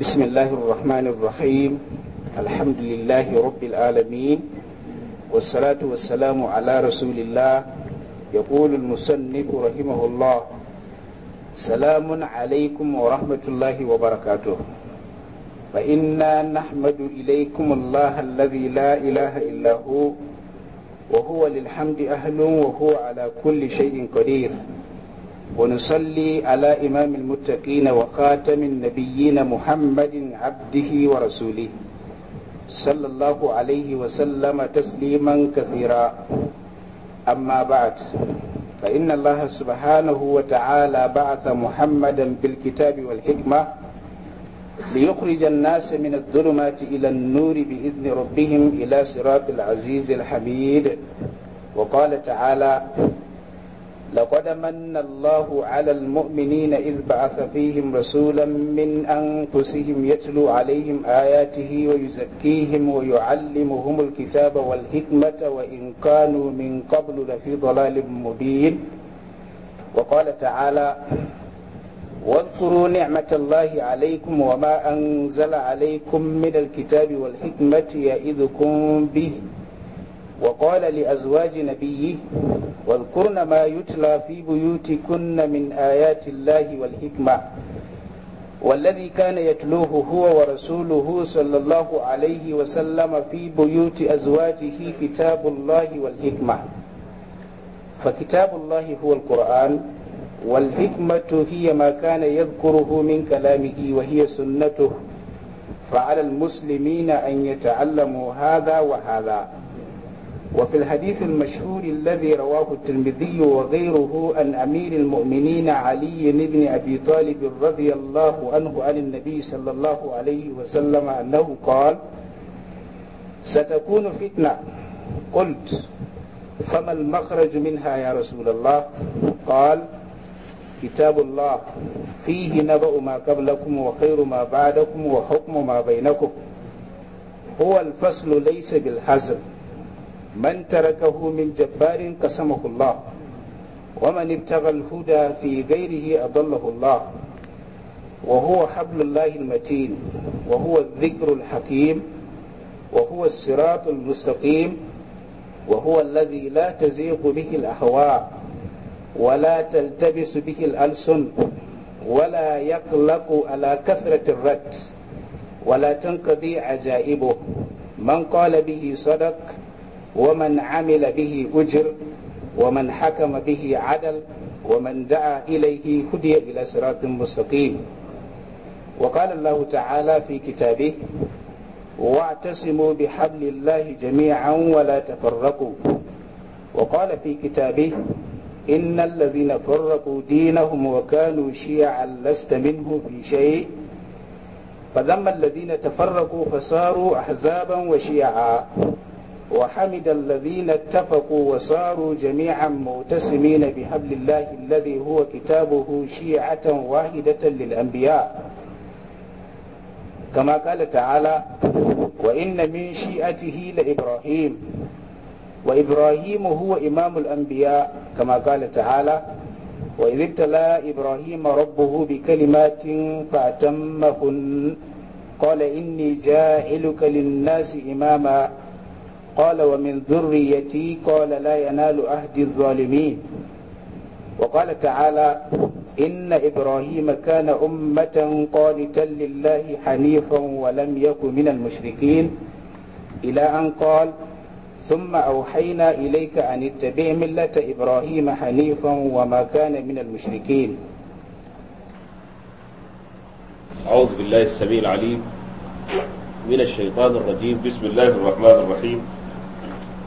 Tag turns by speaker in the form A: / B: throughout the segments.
A: بسم الله الرحمن الرحيم الحمد لله رب العالمين والصلاة والسلام على رسول الله يقول المصنف رحمه الله سلام عليكم ورحمة الله وبركاته فإنا نحمد إليكم الله الذي لا إله إلا هو وهو للحمد أهل وهو على كل شيء قدير ونصلي على إمام المتقين وخاتم النبيين محمد عبده ورسوله صلى الله عليه وسلم تسليما كثيرا أما بعد فإن الله سبحانه وتعالى بعث محمدا بالكتاب والحكمة ليخرج الناس من الظلمات إلى النور بإذن ربهم إلى صراط العزيز الحميد وقال تعالى لقد من الله على المؤمنين إذ بعث فيهم رسولا من أنفسهم يتلو عليهم آياته ويزكيهم ويعلمهم الكتاب والحكمة وإن كانوا من قبل لفي ضلال مبين وقال تعالى واذكروا نعمة الله عليكم وما أنزل عليكم من الكتاب والحكمة يئذكم به وقال لأزواج نبيه واذكرن ما يتلى في بيوتكن من آيات الله والحكمة والذي كان يتلوه هو ورسوله صلى الله عليه وسلم في بيوت أزواجه كتاب الله والحكمة فكتاب الله هو القرآن والحكمة هي ما كان يذكره من كلامه وهي سنته فعلى المسلمين أن يتعلموا هذا وهذا وفي الحديث المشهور الذي رواه الترمذي وغيره عن أمير المؤمنين علي بن أبي طالب رضي الله عنه عن النبي صلى الله عليه وسلم أنه قال ستكون فتنة قلت فما المخرج منها يا رسول الله قال كتاب الله فيه نبأ ما قبلكم وخير ما بعدكم وحكم ما بينكم هو الفصل ليس بالحزم من تركه من جبار قسمه الله ومن ابتغى الهدى في غيره أضله الله وهو حبل الله المتين وهو الذكر الحكيم وهو الصراط المستقيم وهو الذي لا تزيغ به الأهواء ولا تلتبس به الألسن ولا يقلق على كثرة الرد ولا تنقضي عجائبه من قال به صدق ومن عمل به أجر ومن حكم به عدل ومن دعا إليه هدي إلى صراط مستقيم وقال الله تعالى في كتابه واعتصموا بحبل الله جميعا ولا تفرقوا وقال في كتابه إن الذين فرقوا دينهم وكانوا شيعا لست منه في شيء فذم الذين تفرقوا فصاروا أحزابا وشيعا وحمد الذين اتفقوا وصاروا جميعا معتصمين بحبل الله الذي هو كتابه شيعة واحدة للأنبياء كما قال تعالى وإن من شيعته لإبراهيم وإبراهيم هو إمام الأنبياء كما قال تعالى وإذ ابتلى إبراهيم ربه بكلمات فأتمهن قال إني جاعلك للناس إماما قال ومن ذريتي قال لا ينال عهد الظالمين وقال تعالى إن إبراهيم كان أمة قانتا لله حنيفا ولم يكن من المشركين إلى أن قال ثم أوحينا إليك أن اتبع ملة إبراهيم حنيفا وما كان من المشركين
B: أعوذ بالله السميع العليم من الشيطان الرجيم بسم الله الرحمن الرحيم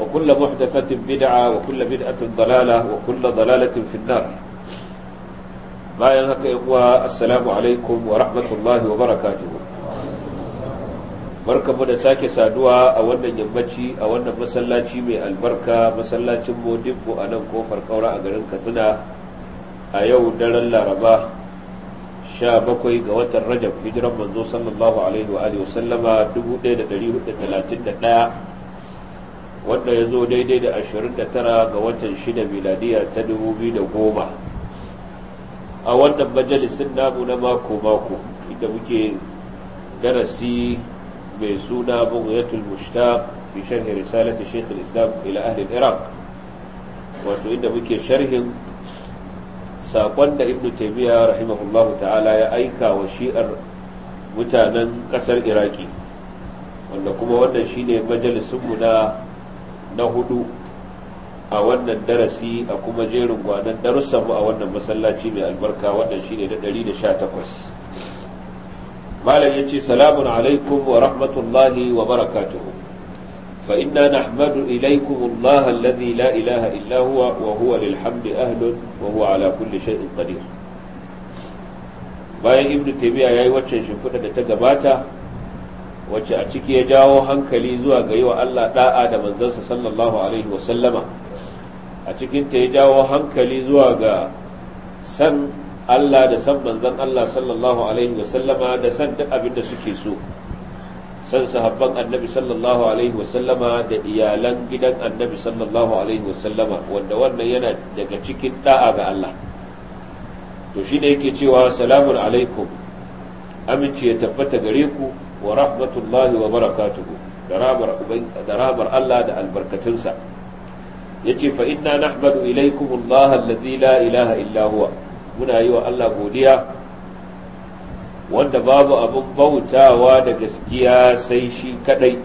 B: وكل محدثة بدعة وكل بدعة ضلالة وكل ضلالة في النار ما ينهك إخوة السلام عليكم ورحمة الله وبركاته barka mu da sake saduwa a wannan yammaci a wannan masallaci mai albarka masallacin modibbo a nan kofar kaura a garin katsina a yau daren laraba 17 ga watan rajab hijiran manzo sallallahu alaihi wa alihi wasallama 1431 wanda ya zo daidai da 29 ga watan 6 miladiya ta 2010 a wannan majalisin namu na mako-mako inda muke darasi mai suna bugiyatul mushtaq fi sharhi risalati shaykh al-islam ila ahli iraq wato inda muke sharhin saƙon da ibnu taymiya rahimahullahu ta'ala ya aika wa shi'ar mutanen kasar iraki wanda kuma wannan shine majalisinmu na na hudu a wannan darasi a kuma jerin gwanan darussan mu a wannan masallaci mai albarka wannan shine na 118 malam yace salamun alaikum wa rahmatullahi wa barakatuh fa inna nahmadu ilaikum Allah alladhi la ilaha illa huwa wa huwa lil hamdi ahlun wa huwa ala kulli shay'in qadir bayan ibnu taymiya yayi waccan shimfiɗa da ta gabata wacce a ciki ya jawo hankali zuwa ga yi wa Allah da'a da manzansa sallallahu alaihi wasallama a cikinta ya jawo hankali zuwa ga san Allah da san manzan Allah sallallahu alaihi wasallama da san duk abin da suke so san sahabban annabi sallallahu alaihi wasallama da iyalan gidan annabi sallallahu alaihi wasallama wanda wannan yana daga cikin da'a ga Allah to shi ne yake cewa salamun alaikum amince ya tabbata gare ku wa rahmatullahi wa barakatuhu da rabar Allah da albarkatunsa yace fa inna nahmadu ilaykum Allah alladhi la ilaha illa huwa muna yi wa Allah godiya wanda babu abin bautawa da gaskiya sai shi kadai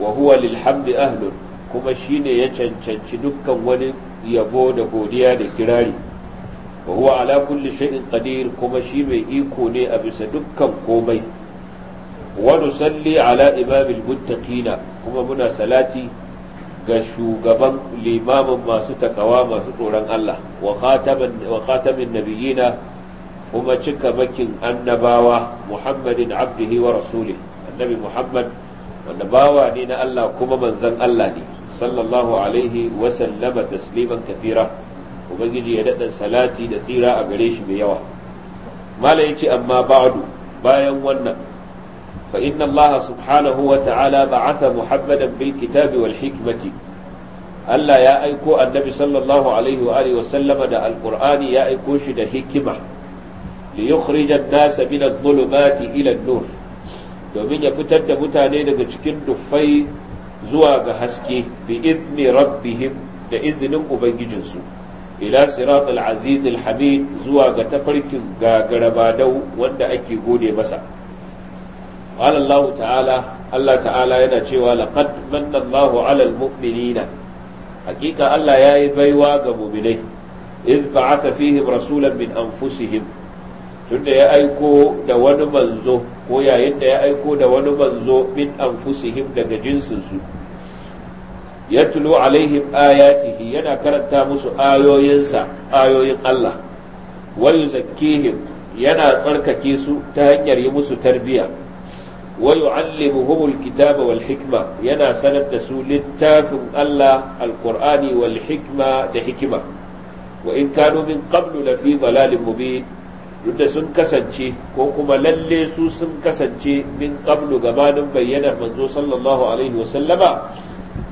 B: wa huwa lilhamdi ahlun kuma shine ya cancanci dukkan wani yabo da godiya da kirari wa huwa ala kulli shay'in qadir kuma shi mai iko ne a bisa dukkan komai wa salli ala imamil muttaqina kuma muna salati ga shugaban limamin masu takawa masu tsoron Allah wa khatamin nabiyina kuma cika makin annabawa muhammadin abdihi wa rasuli annabi muhammad wanda bawa ne na Allah kuma manzan Allah ne sallallahu alaihi wa sallama tasliman kafira ubangiji ya daɗin salati da tsira a gare shi mai yawa mala yace amma ba'du bayan wannan فإن الله سبحانه وتعالى بعث محمدا بالكتاب والحكمة ألا يا أيكو النبي صلى الله عليه وآله وسلم دا القرآن يا أيكو شد حكمة ليخرج الناس من الظلمات إلى النور domin ya fitar da mutane daga cikin duffai zuwa ga haske bi idni rabbihim da izinin ubangijinsu ila siratul aziz hamid zuwa ga tafarkin gagarabadau wanda ake gode masa qala Allah ta'ala yana cewa laqad manna Allahu 'alal mu'minina hakika Allah yayi baiwa ga mu'minai idh ba'atha fihim rasulan min tunda ya aiko da wani manzo ko yayin da ya aiko da wani manzo min anfusihim daga jinsinsu tulo alaihim ayatihi yana karanta musu ayoyinsa ayoyin Allah wayu yuzakkihim yana tsarkake su ta hanyar yi musu tarbiyya wa yu'allimuhum alkitaba wal hikma yana sanar da su littafin Allah alqur'ani wal hikma da hikima wa in kanu min qablu la fi dalalin mubin sun kasance ko kuma lalle su sun kasance min qablu gabanin bayyanar manzo sallallahu alaihi wa sallama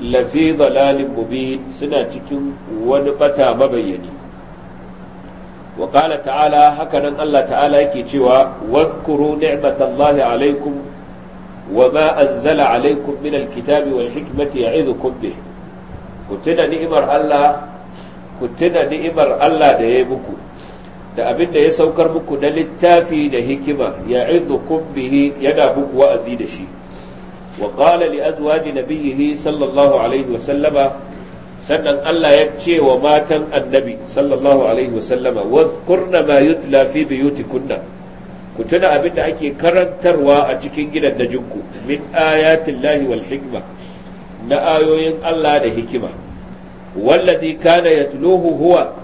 B: lafi dalalin suna cikin wani bata mabayyani wa qala ta'ala hakanan Allah ta'ala ake cewa wazkuru ni'matallahi alaikum wa ma anzala alaikum min alkitabi wal hikmati ya'idukum bih ku tuna ni'imar Allah ku tuna ni'imar Allah da ya muku da abin da ya saukar muku na littafi da hikima ya ya'idukum bihi yana muku wa'azi da shi wa qala li azwaji nabiyhi sallallahu alaihi wa sallama sannan Allah ya ce wa matan annabi sallallahu alaihi wa sallama wadhkurna ma yutla fi buyutikunna ku tuna abin da ake karantarwa a cikin gidan da jinku min ayatin lahi wal hikma na ayoyin Allah da hikima wallazi kana yatluhu huwa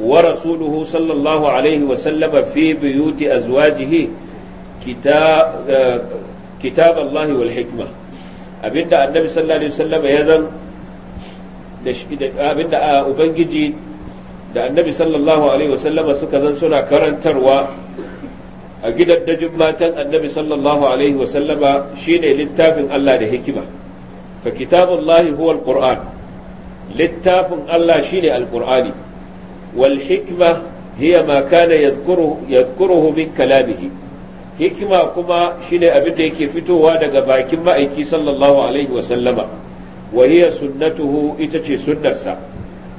B: wa rasuluhu sallallahu alaihi wa sallama fi buyuti azwajihi kitab eh, kitab Allah wal hikma abinda annabi sallallahu alaihi wasallama ya zan abinda ah, ubangiji da annabi sallallahu alaihi wasallama suka zan suna karantarwa a gidaddajin matan annabi sallallahu alaihi wasallama shine littafin Allah da hikima fa kitabullahi huwa alquran littafin Allah shine alqurani wal hikma hiya ma kana yadhkuruhu yadhkuruhu min kalamihi hikima kuma shine abin da yake fitowa daga bakin ma'aiki sallallahu alaihi wasallama wa hiya sunnatuhu ita ce sunnarsa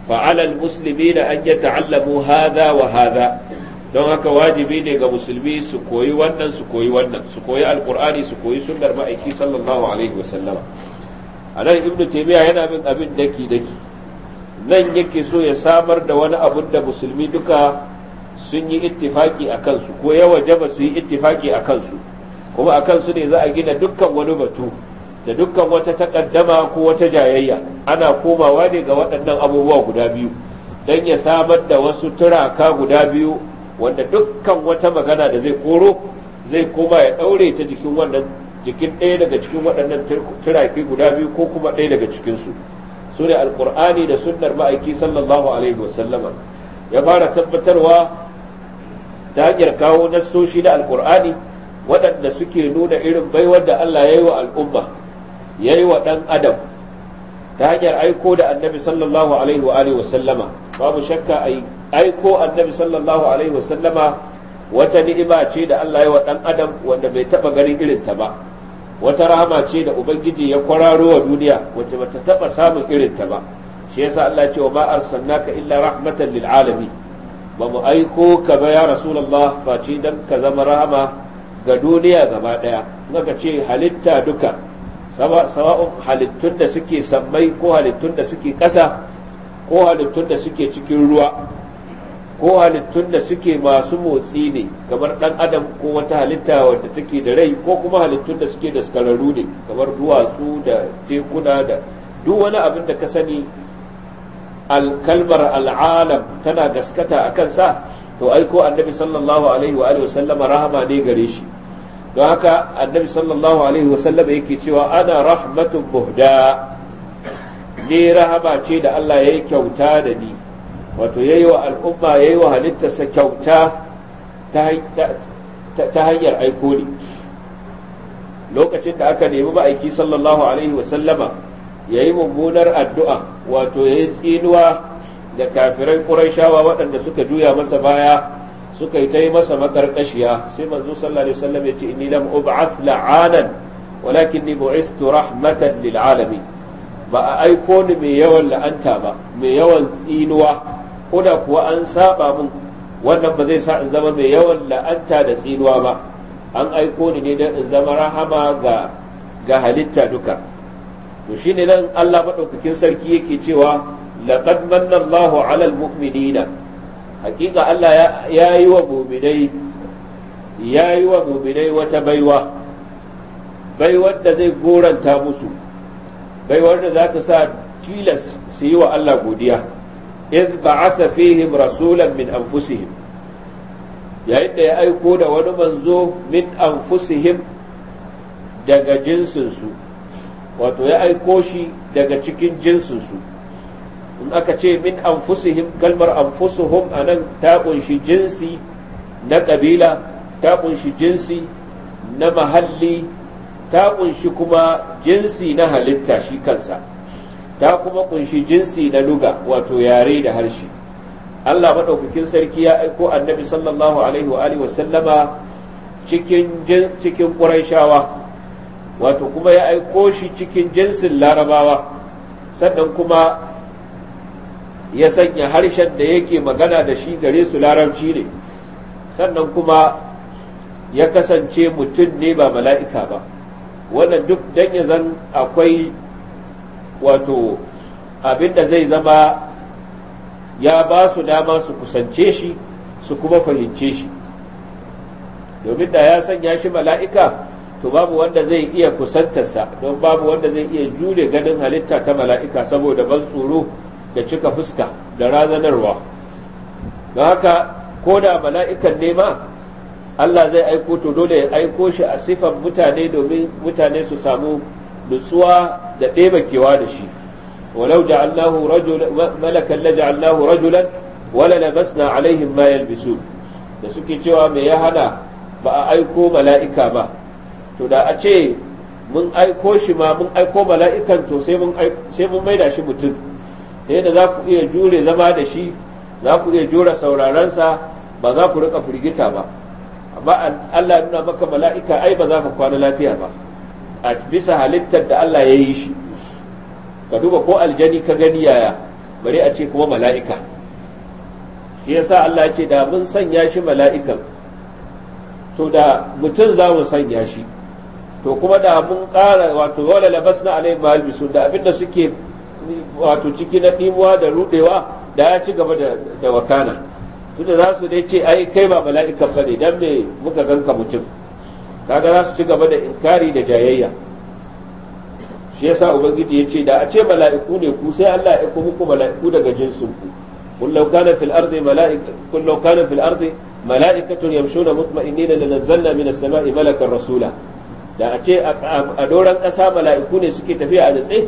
B: fa ala almuslimina an yata'allamu hadha wa hadha don haka wajibi ne ga musulmi su koyi wannan su koyi wannan su koyi alkur'ani su koyi sunnar ma'aiki sallallahu alaihi sallama a nan ibnu taymiya yana bin abin daki daki nan yake so ya samar da wani abun da musulmi duka sun yi ittifaki a kansu ko ya wajaba su yi ittifaki a kansu kuma a kansu ne za a gina dukkan wani batu da dukkan wata takaddama ko wata jayayya ana komawa ne ga waɗannan abubuwa guda biyu don ya samar da wasu turaka guda biyu wanda dukkan wata magana da zai koro zai koma ya daure ta jikin wannan jikin ɗaya daga cikin waɗannan turafi guda biyu ko kuma ɗaya daga cikinsu su ne alkur'ani da sunnar ma'aiki sallallahu alaihi wasallama ya fara tabbatarwa ta hanyar kawo nassoshi na alkur'ani waɗanda suke nuna irin baiwar da allah ya yi wa al'umma ya yi wa ɗan adam ta hanyar aiko da annabi sallallahu alaihi wa alihi wasallama babu shakka a aiko annabi sallallahu alaihi wasallama wata ni'ima ce da Allah ya wa dan adam wanda bai taba ganin irin ta ba wata rahama ce da ubangiji ya kwararo wa duniya wacce bata taba samun irin ta ba shi yasa Allah ya ce wa ma arsalnaka illa rahmatan lil alamin ba mu aiko ka ba ya rasulullah face dan ka zama rahama ga duniya gaba daya maka ce halitta duka sawa'un halittun da suke sammai ko halittun da suke kasa ko halittun da suke cikin ruwa ko halittun da suke masu motsi ne kamar dan adam ko wata halitta wadda take da rai ko kuma halittun da suke da skararru ne kamar duwatsu da tekuna da duk wani abin da ka sani alkalmar al'alam tana gaskata a kansa to aiko annabi sallallahu alaihi wa sallama rahama ne gare shi don haka annabi sallallahu alaihi wa sallama yake cewa ana rahmatun buhda ne rahama ce da Allah ya yi kyauta da ni wato yayi wa al'umma yayi wa halittarsa kyauta ta hanyar aiko ne lokacin da aka nemi ma'aiki sallallahu alaihi wa sallama yayi mummunar addu'a wato yayi tsinuwa da kafirai ƙurayshawa waɗanda suka juya masa baya suka yi ta yi masa makarƙashiya sai manzo sallallahu alaihi wa sallam ya ce inni lam ub'ath la'anan بعثت رحمة للعالمين ba a aiko ni mai yawan la'anta ba mai yawan tsinuwa ko da kuwa an saba mun wannan ba zai sa in zama mai yawan la'anta da tsinuwa ba an aiko ni ne don in zama rahama ga ga halitta duka to shine nan Allah madaukakin sarki yake cewa laqad mannallahu 'alal mu'minina hakika Allah ya yi wa mu'minai ya yi wa mu'minai wata baiwa baiwar da zai goranta musu baiwar da zata sa tilas su yi wa Allah godiya إذ بعث فيهم رسولا من أنفسهم yayin da ya aiko da wani manzo min anfusihim daga jinsinsu wato ya aiko shi daga cikin jinsinsu in aka ce min anfusihim kalmar anfusuhum a nan ta kunshi jinsi na ƙabila ta kunshi jinsi na mahalli ta kunshi kuma jinsi na halitta shi kansa ta kuma kunshi jinsi na luga wato yare da harshe Allah maɗaukakin sarki ya aiko annabi sallallahu alaihi wa alihi wasallama cikin cikin ƙurayshawa wato kuma ya aiko shi cikin jinsin larabawa sannan kuma ya sanya harshen da yake magana da shi gare su larabci ne sannan kuma ya kasance mutum ne ba mala'ika ba wannan duk dan ya zan akwai wato abin da zai zama ya ba su dama su kusance shi su kuma fahimce shi domin da ya sanya shi mala'ika to babu wanda zai iya kusantarsa don babu wanda zai iya jure ganin halitta ta mala'ika saboda ban tsoro da cika fuska da razanarwa don haka ko da mala'ikan nema Allah zai aiko to dole ya aiko shi a sifan mutane domin mutane su samu nutsuwa da ɗebakewa da shi walau ja'alnahu rajulan malakan la ja'alnahu rajulan wala labasna alaihim ma yalbisun da suke cewa me ya hana ba a aiko mala'ika ba to da a ce mun aiko shi ma mun aiko mala'ikan to sai mun maida shi mutum ta yadda za ku iya jure zama da shi za ku iya jure saurarensa ba za ku rika firgita ba amma Allah nuna maka mala'ika ai ba za ka kwana lafiya ba a bisa halittar da Allah ya yi shi ka duba ko aljani ka gani yaya bari a ce kuma mala'ika shi sa Allah ce da mun sanya shi mala'ikan to da mutum za mu sanya shi to kuma da mun ƙara wato wala labasna na ma albisu da abinda suke wato ciki na ɗimuwa da rudewa da ya ci gaba da wakana tunda za su dai ce ai kai ba mala'ikan ba ne don me muka ganka mutum kaga za su ci gaba da inkari da jayayya shi yasa ubangiji ya ce da a ce mala'iku ne ku sai Allah ya aiko muku mala'iku daga jinsin ku kun law kana fil ardi kun law kana fil ardi mala'ikatun yamshuna mutma'innina lanazzalna min as-sama'i malakan rasula da a ce a doran ƙasa mala'iku ne suke tafiya a natse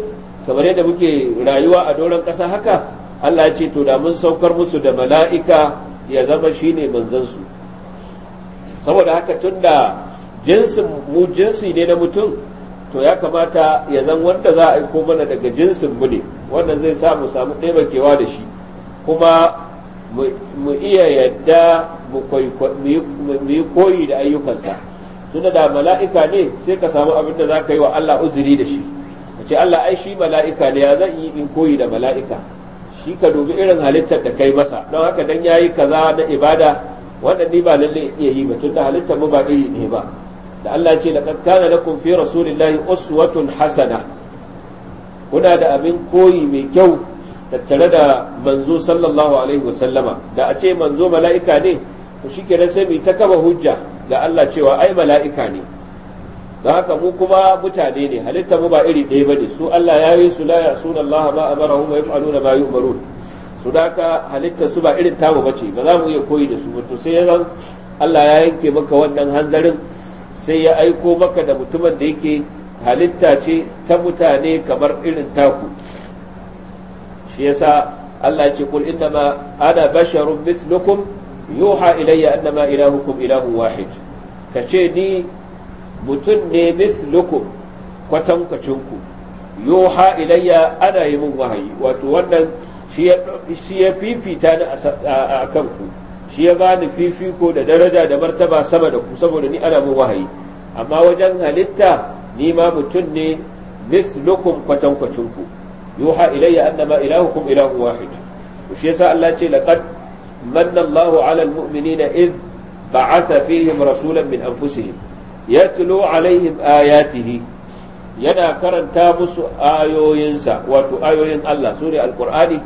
B: kamar yadda muke rayuwa a doran ƙasa haka Allah ya ce to da mun saukar musu da mala'ika ya zama shine manzon su saboda haka tunda jinsin mu jinsi ne na mutum to ya kamata ya zan wanda za a aiko mana daga jinsin mu ne wannan zai sa mu samu taimakewa da shi kuma mu iya yadda mu yi koyi da ayyukansa tunda da mala'ika ne sai ka samu abin da za ka yi wa Allah uzuri da shi ce Allah ai shi mala'ika ne ya zan yi in koyi da mala'ika shi ka dubi irin halittar da kai masa don haka dan yayi kaza na ibada wannan ni ba lalle iya yi ba tunda halittar mu ba iri ne ba da Allah ce da kana lakum fi rasulillahi uswatun hasana kuna da abin koyi mai kyau tattare da manzo sallallahu alaihi wasallama da a ce manzo mala'ika ne ku shikenan sai sami ta kaba hujja ga Allah cewa ai mala'ika ne don haka mu kuma mutane ne halitta mu ba iri ɗaya bane su Allah ya yi su la ya suna Allah ma amarahu wa yaf'aluna ma su haka halitta su ba irin tamu bace ba za mu iya koyi da su ba to sai ya Allah ya yanke maka wannan hanzarin sai ya aiko maka da mutumin da yake halitta ce ta mutane kamar irin taku shi yasa Allah ce kul innama ana basharun mislukum yuha ilayya annama ilahukum ilahu wahid ka ce ni mutum ne mislukum kwatankwacinku yuha ilayya ana yi min wahayi wato wannan shi ya fifita ni a kanku shi ya bani fifiko da daraja da martaba sama da ku saboda ni ana mun wahayi amma wajen halitta ni ma mutum ne mislukum kwatankwacin ku yuha ilayya annama ilahukum ilahu wahid shi yasa Allah ce laqad manna Allahu ala almu'minina id ba'atha fihim rasulan min anfusihim yatlu alaihim ayatihi yana karanta musu ayoyinsa wato ayoyin Allah sura alqur'ani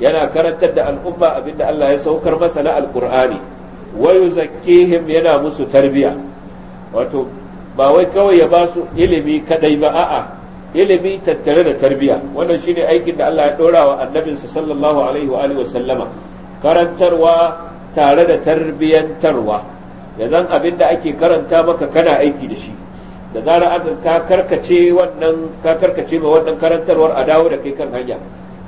B: yana karantar da al'umma abinda Allah ya saukar masa na alqur'ani wa yuzakkihim yana musu tarbiya wato ba wai kawai ya ba su ilimi kadai ba a'a ilimi tattare da tarbiya wannan shine aikin da Allah ya dora wa annabinsa sallallahu alaihi wa wa sallama karantarwa tare da tarbiyantarwa yanzan abinda ake karanta maka kana aiki da shi da zara an ka karkace wannan ka karkace ba wannan karantarwar a dawo da kai kan hanya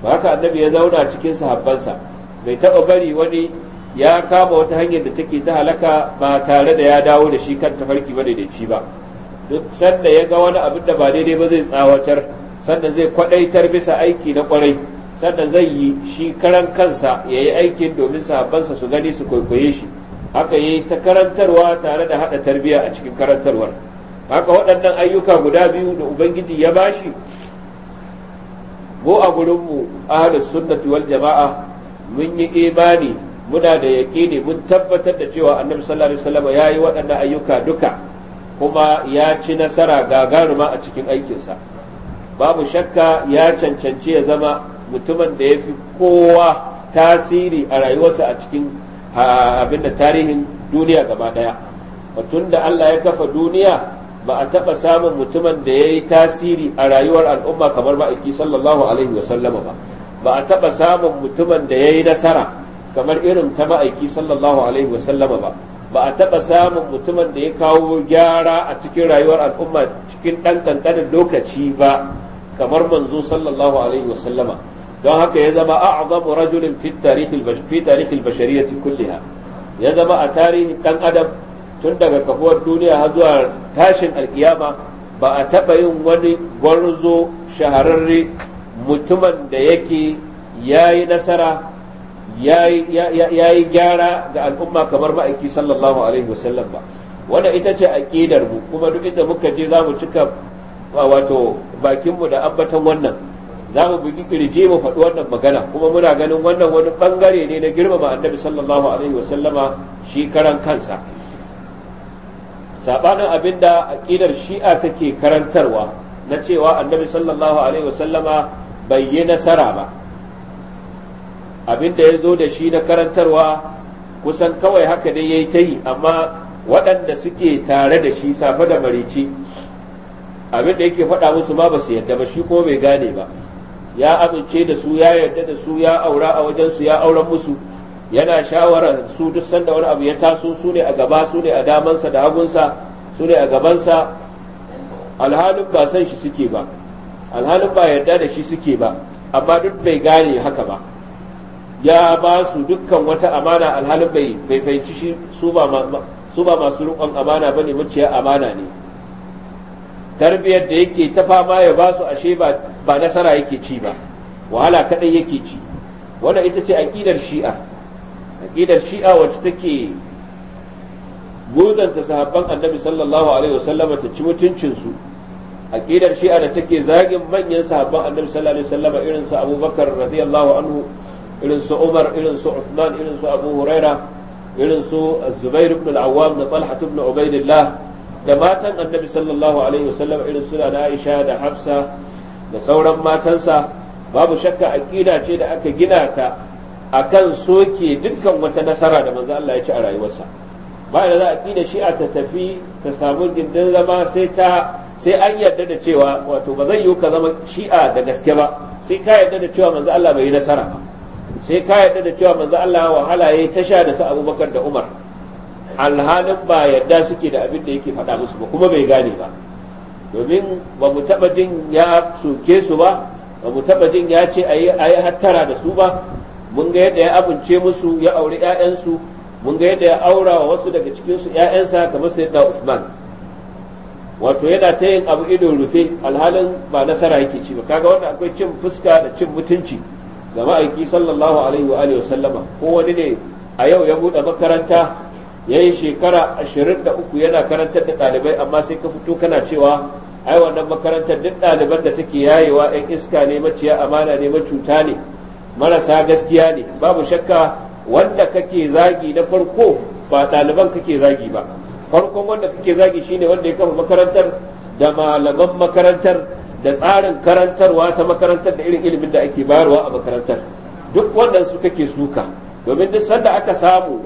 B: ba haka annabi ya zauna cikin sahabbansa bai taɓa bari wani ya kama wata hanyar da take ta halaka ba tare da ya dawo da shi kan tafarki ba daidaici ba duk sanda ya ga wani abin da ba daidai ba zai tsawatar sannan zai kwadaitar bisa aiki na kwarai sannan zai yi shi karan kansa ya yi aikin domin sahabbansa su gani su kwaikwaye shi haka yi ta karantarwa tare da haɗa tarbiyya a cikin karantarwar haka waɗannan ayyuka guda biyu da ubangiji ya bashi mu a gurinmu ahlus sunnati wal jama'a mun yi imani muna da yaƙini mun tabbatar da cewa annabi sallallahu alaihi wasallam ya yi waɗannan ayyuka duka kuma ya ci nasara gagaruma a cikin aikinsa babu shakka ya cancanci ya zama mutumin da ya fi kowa tasiri a rayuwarsa a cikin abin da tarihin duniya gaba ɗaya batun da allah ya kafa duniya ba a taɓa samun mutumin da ya yi tasiri a rayuwar al'umma kamar ma'aiki sallallahu alaihi wasallama ba ba a taɓa samun mutumin da ya yi nasara kamar irin ta ma'aiki sallallahu alaihi wasallama ba ba a taɓa samun mutumin da ya kawo gyara a cikin rayuwar al'umma cikin ɗan ƙanƙanin lokaci ba kamar manzo sallallahu alaihi wa sallama don haka ya zama a'zamu rajulin fi tarihil bashariyati kulliha ya zama a tarihin ɗan adam tun daga kafuwar duniya har zuwa tashin alkiyama ba a taɓa yin wani gwarzo shahararre mutumin da yake ya yi nasara ya yi gyara ga al'umma kamar ma'aiki sallallahu alaihi wasallam ba wannan ita ce aƙidar mu kuma duk inda muka je za mu cika wato bakinmu da ambatan wannan za mu bi kirje mu faɗi wannan magana kuma muna ganin wannan wani ɓangare ne na girmama annabi sallallahu alaihi wasallama shi karan kansa sabanin abin abinda aqidar shi'a take karantarwa na cewa annabi sallallahu alaihi wasallama bai yi nasara ba abinda ya zo da shi na karantarwa kusan kawai haka dai ya yi ta yi amma waɗanda suke tare da shi safe da marici abinda yake faɗa musu ma ba su yadda ba shi ko bai gane ba ya amince da su ya yarda da su ya aura a wajen su ya auren musu yana shawara su duk sanda wani abu ya taso su ne a gaba su ne a damansa da hagunsa su ne a gabansa alhalin ba san shi suke ba alhalin ba yarda da shi suke ba amma duk bai gane haka ba ya ba su dukkan wata amana alhalin bai bai fahimci shi su ba masu rukon amana ba ne maciya amana ne tarbiyyar da yake ta fama ya ba su ashe ba nasara yake ci ba wahala kaɗai yake ci wannan ita ce aƙidar shi'a aqidar shi'a wacce take gozanta sahabban annabi sallallahu alaihi wasallam ta ci mutuncin su shi'a da take zagin manyan sahabban annabi sallallahu alaihi wasallam irin su abubakar radiyallahu anhu irin su umar irin su Usman irin su abu huraira irin su zubair ibn al-awwam da talha ibn ubaidillah da matan annabi sallallahu alaihi wasallam irin su da aisha da hafsa da sauran matansa babu shakka aqida ce da aka gina ta a kan soke dukkan wata nasara da manzo Allah ya ci a rayuwarsa ba da za a ƙi da shi a ta tafi ta samu gindin zama sai ta sai an yarda da cewa wato ba zai yiwu ka zama shi'a da gaske ba sai ka yarda da cewa manzo Allah bai yi nasara ba sai ka yarda da cewa manzo Allah wahala yayi tasha da su Abubakar da Umar alhalin ba yarda suke da abin da yake faɗa musu ba kuma bai gane ba domin ba mu taɓa jin ya soke su ba ba mu taɓa jin ya ce a yi hattara da su ba mun ga yadda ya abince musu ya auri ƴaƴansu mun ga yadda ya aura wa wasu daga cikin su ƴaƴansa kamar da Usman wato yana ta yin abu ido rufe alhalin ba nasara yake ci ba kaga wanda akwai cin fuska da cin mutunci ga ma'aiki sallallahu alaihi wa alihi wasallama ko wani ne a yau ya bude makaranta yayi shekara ashirin da uku yana karantar da ɗalibai amma sai ka fito kana cewa ai wannan makarantar duk ɗaliban da take yayewa 'yan iska ne maciya amana ne macuta ne marasa gaskiya ne babu shakka wanda kake zagi na farko ba ɗaliban kake zagi ba farkon wanda kake zagi shine wanda ya kafa makarantar da malaman makarantar da tsarin karantarwa ta makarantar da irin ilimin da ake bayarwa a makarantar duk wannan su kake suka domin duk sanda aka samu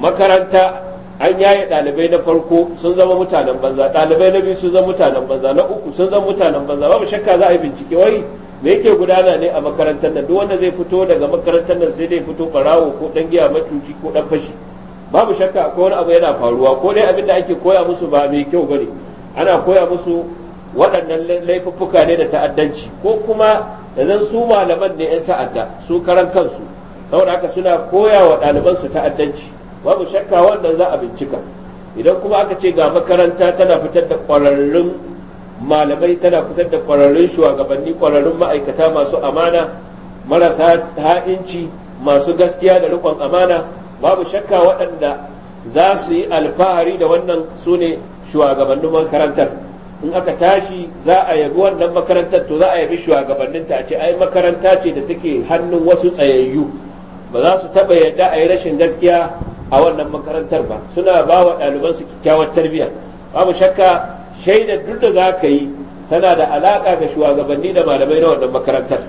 B: makaranta an yaye ɗalibai na farko sun zama mutanen banza ɗalibai na biyu sun zama mutanen banza na uku sun zama mutanen banza babu shakka za a yi bincike wai me yake gudana ne a makarantar nan duk wanda zai fito daga makarantar nan sai dai fito barawo ko dan giya macuci ko dan fashi babu shakka akwai wani abu yana faruwa ko dai abin da ake koya musu ba mai kyau bane ana koya musu waɗannan laifuffuka ne da ta'addanci ko kuma da su malaman ne 'yan ta'adda su karan kansu saboda haka suna koya wa ɗaliban su ta'addanci babu shakka wannan za a bincika idan kuma aka ce ga makaranta tana fitar da ƙwararrun malamai tana fitar da kwararrun shugabanni kwararrun ma'aikata masu amana marasa ha'inci masu gaskiya da rikon amana babu shakka waɗanda za su yi alfahari da wannan su ne shugabannin makarantar in aka tashi za a yabi wannan makarantar to za a yabi shugabannin a ce ai makaranta ce da take hannun wasu tsayayyu ba za su taɓa yadda a yi rashin gaskiya a wannan makarantar ba suna ba wa ɗalibansu kyakkyawar tarbiyya babu shakka shaidar duk da za ka yi tana da alaka ga shugabanni da malamai na wannan makarantar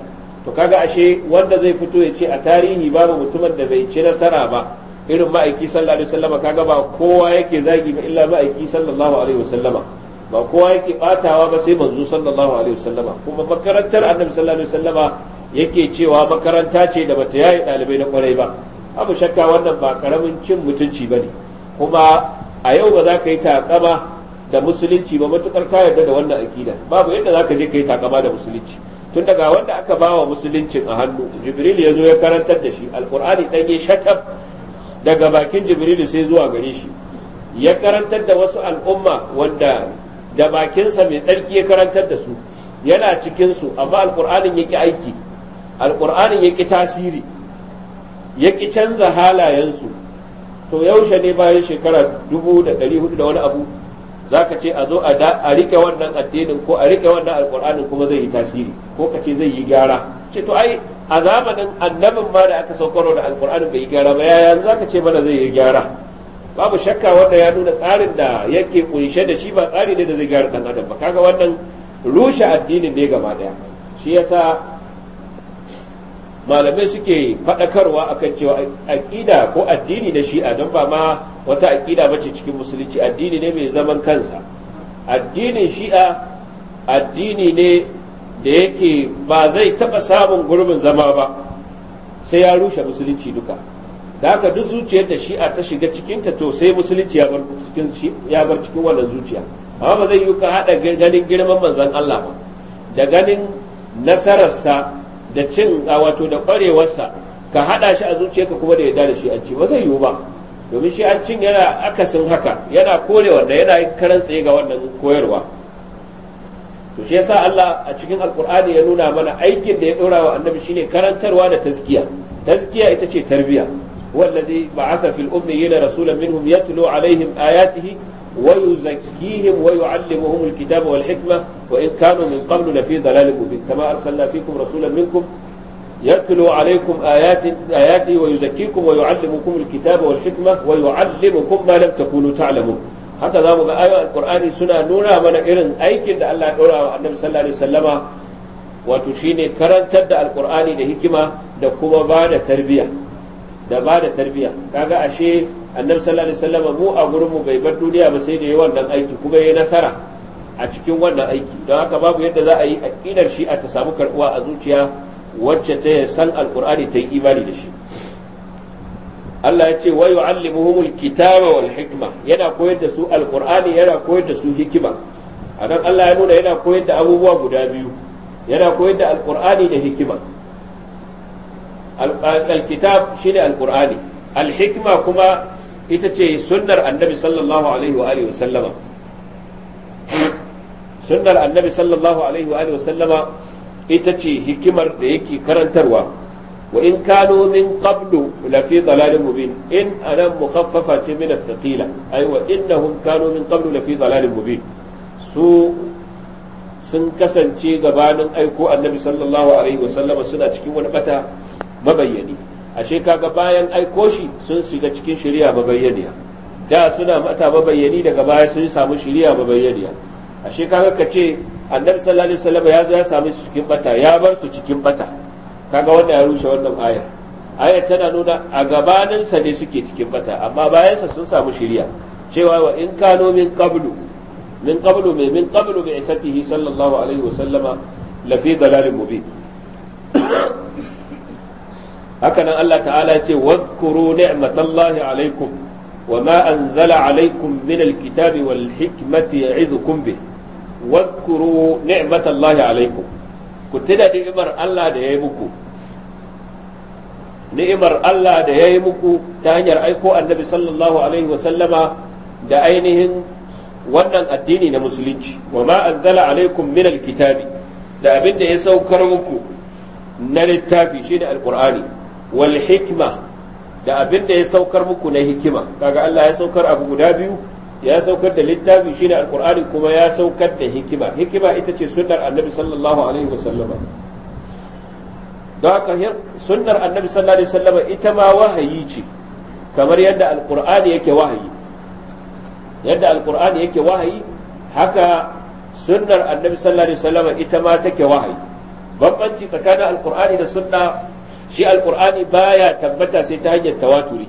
B: to kaga ashe wanda zai fito ya ce a tarihi babu mutumin da bai ci nasara ba irin ma'aiki sallallahu alaihi wasallama kaga ba kowa yake zagi ba illa ma'aiki sallallahu alaihi wasallama ba kowa yake batawa ba sai manzo sallallahu alaihi wasallama kuma makarantar annabi sallallahu alaihi wasallama yake cewa makaranta ce da bata yayi dalibai na kwarai ba abu shakka wannan ba karamin cin mutunci bane kuma a yau ba za ka yi takama da musulunci ba matukar ka yarda da wannan akida babu yadda zaka je kai takama da musulunci tun daga wanda aka bawa musuluncin a hannu jibril ya zo ya karantar da shi alqur'ani dan ya shatab daga bakin jibril sai zuwa gare shi ya karantar da wasu al'umma wanda da bakinsa mai tsarki ya karantar da su yana cikin su amma alqur'anin yake aiki alqur'anin yaki tasiri yaki canza halayensu to yaushe ne bayan shekara dubu da dari hudu da wani abu za ka ce a zo a rike wannan addinin ko a rike wannan alƙur'anin kuma zai yi tasiri ko ka ce zai yi gyara ce to ai a zamanin annabin ma da aka saukarwa da alƙur'anin bai yi gyara ba yaya ka ce mana zai yi gyara babu shakka wanda ya nuna tsarin da yake kunshe da shi ba tsari ne da zai gyara dan adam ba kaga wannan rushe addinin ne gaba daya shi yasa malamai suke faɗakarwa akan cewa aƙida ko addini da shi'a don ba ma wata aƙida bace cikin musulunci addini ne mai zaman kansa addinin shi'a addini ne da yake ba zai taɓa samun gurbin zama ba sai ya rushe musulunci duka da haka duk zuciyar da shi'a ta shiga cikinta to sai musulunci ya bar cikin wannan zuciya amma ba zai yi ka haɗa ganin girman manzon Allah ba da ganin nasararsa da cin wato da ƙwarewarsa ka haɗa shi a zuciyarka kuma da yarda da shi an ce ba zai yiwu ba domin shi an cin yana akasin haka yana kore wanda yana karan tsaye ga wannan koyarwa to shi yasa Allah a cikin alkur'ani ya nuna mana aikin da ya dora wa annabi shine karantarwa da tazkiya tazkiya ita ce tarbiya wallazi ba'atha fil ummiyina rasulan minhum yatlu alaihim ayatihi wa yuzakkihim wa yu'allimuhum alkitaba wal hikma wa in kanu min qablu lafi dhalalin mubin kama arsalna fikum rasulan minkum يتلو عليكم آياتي, آياتي ويزكيكم ويعلمكم الكتاب والحكمة ويعلمكم ما لم تكونوا تعلمون haka za mu ga ayoyin alkur'ani suna nuna mana irin aikin da Allah ɗora wa annabi sallallahu alaihi wasallama wato karantar da alkur'ani da hikima da kuma ba da tarbiyya da ba da tarbiya kaga ashe annabi sallallahu alaihi mu a gurin mu bai bar duniya ba sai da yayi wannan aiki kuma yayi nasara a cikin wannan aiki don haka babu yadda za a yi aqidar shi a ta samu karbuwa a zuciya wacce ta san alqur'ani ta yi imani da shi Allah ya ce wa yu'allimuhumul kitaba wal hikma yana koyar da su alqur'ani yana koyar da su hikima a anan Allah ya nuna yana koyar da abubuwa guda biyu yana koyar da alqur'ani da hikima alkitab shi ne alqur'ani alhikma kuma ita ce sunnar annabi sallallahu alaihi wa sallama sunnar annabi sallallahu alaihi wa sallama ita ce hikimar da yake karantarwa wa in kano min qablu la fi dalalin mubin in anan mukhaffafa ce min as-saqila ay wa innahum kanu min qablu la fi dalalin mubin su sun kasance gabanin aiko annabi sallallahu alaihi wasallama suna cikin wani bata mabayyani ashe kaga bayan aiko shi sun shiga cikin shari'a mabayyaniya da suna mata mabayyani daga baya sun samu shari'a mabayyaniya ashe kaga ka ce annabi sallallahu alaihi wasallam ya sami su cikin bata ya bar su cikin bata kaga wannan ya rushe wannan ayar ayar tana nuna a gabanin sa ne suke cikin bata amma bayan sa sun samu shiriya cewa wa in kano min qablu min qablu mai min qablu bi isatihi sallallahu alaihi wasallam la fi dalalin mubin haka nan Allah ta'ala ya ce wadhkuru ni'matallahi alaikum وما أنزل عليكم من الكتاب والحكمة يعظكم به wadhkuru ni'matallahi alaikum ku tuna ni'imar Allah da yayi muku ta hanyar aiko annabi sallallahu da ainihin wannan addini na musulunci wa ma anzala alaikum min alkitabi da abin ya saukar muku na littafi shine alqur'ani wal walhikima da abinda ya saukar muku na hikima kaga Allah ya saukar abu guda biyu ya saukar da littafi shine alqur'ani kuma ya saukar da hikima hikima ita ce sunnar annabi sallallahu alaihi wasallama don sunnar annabi sallallahu alaihi wasallama ita ma wahayi ce kamar yadda alqur'ani yake wahayi yadda alqur'ani yake wahayi haka sunnar annabi sallallahu alaihi wasallama ita ma take wahayi bambanci tsakanin alqur'ani da sunna shi alqur'ani baya tabbata sai ta hanyar tawaturi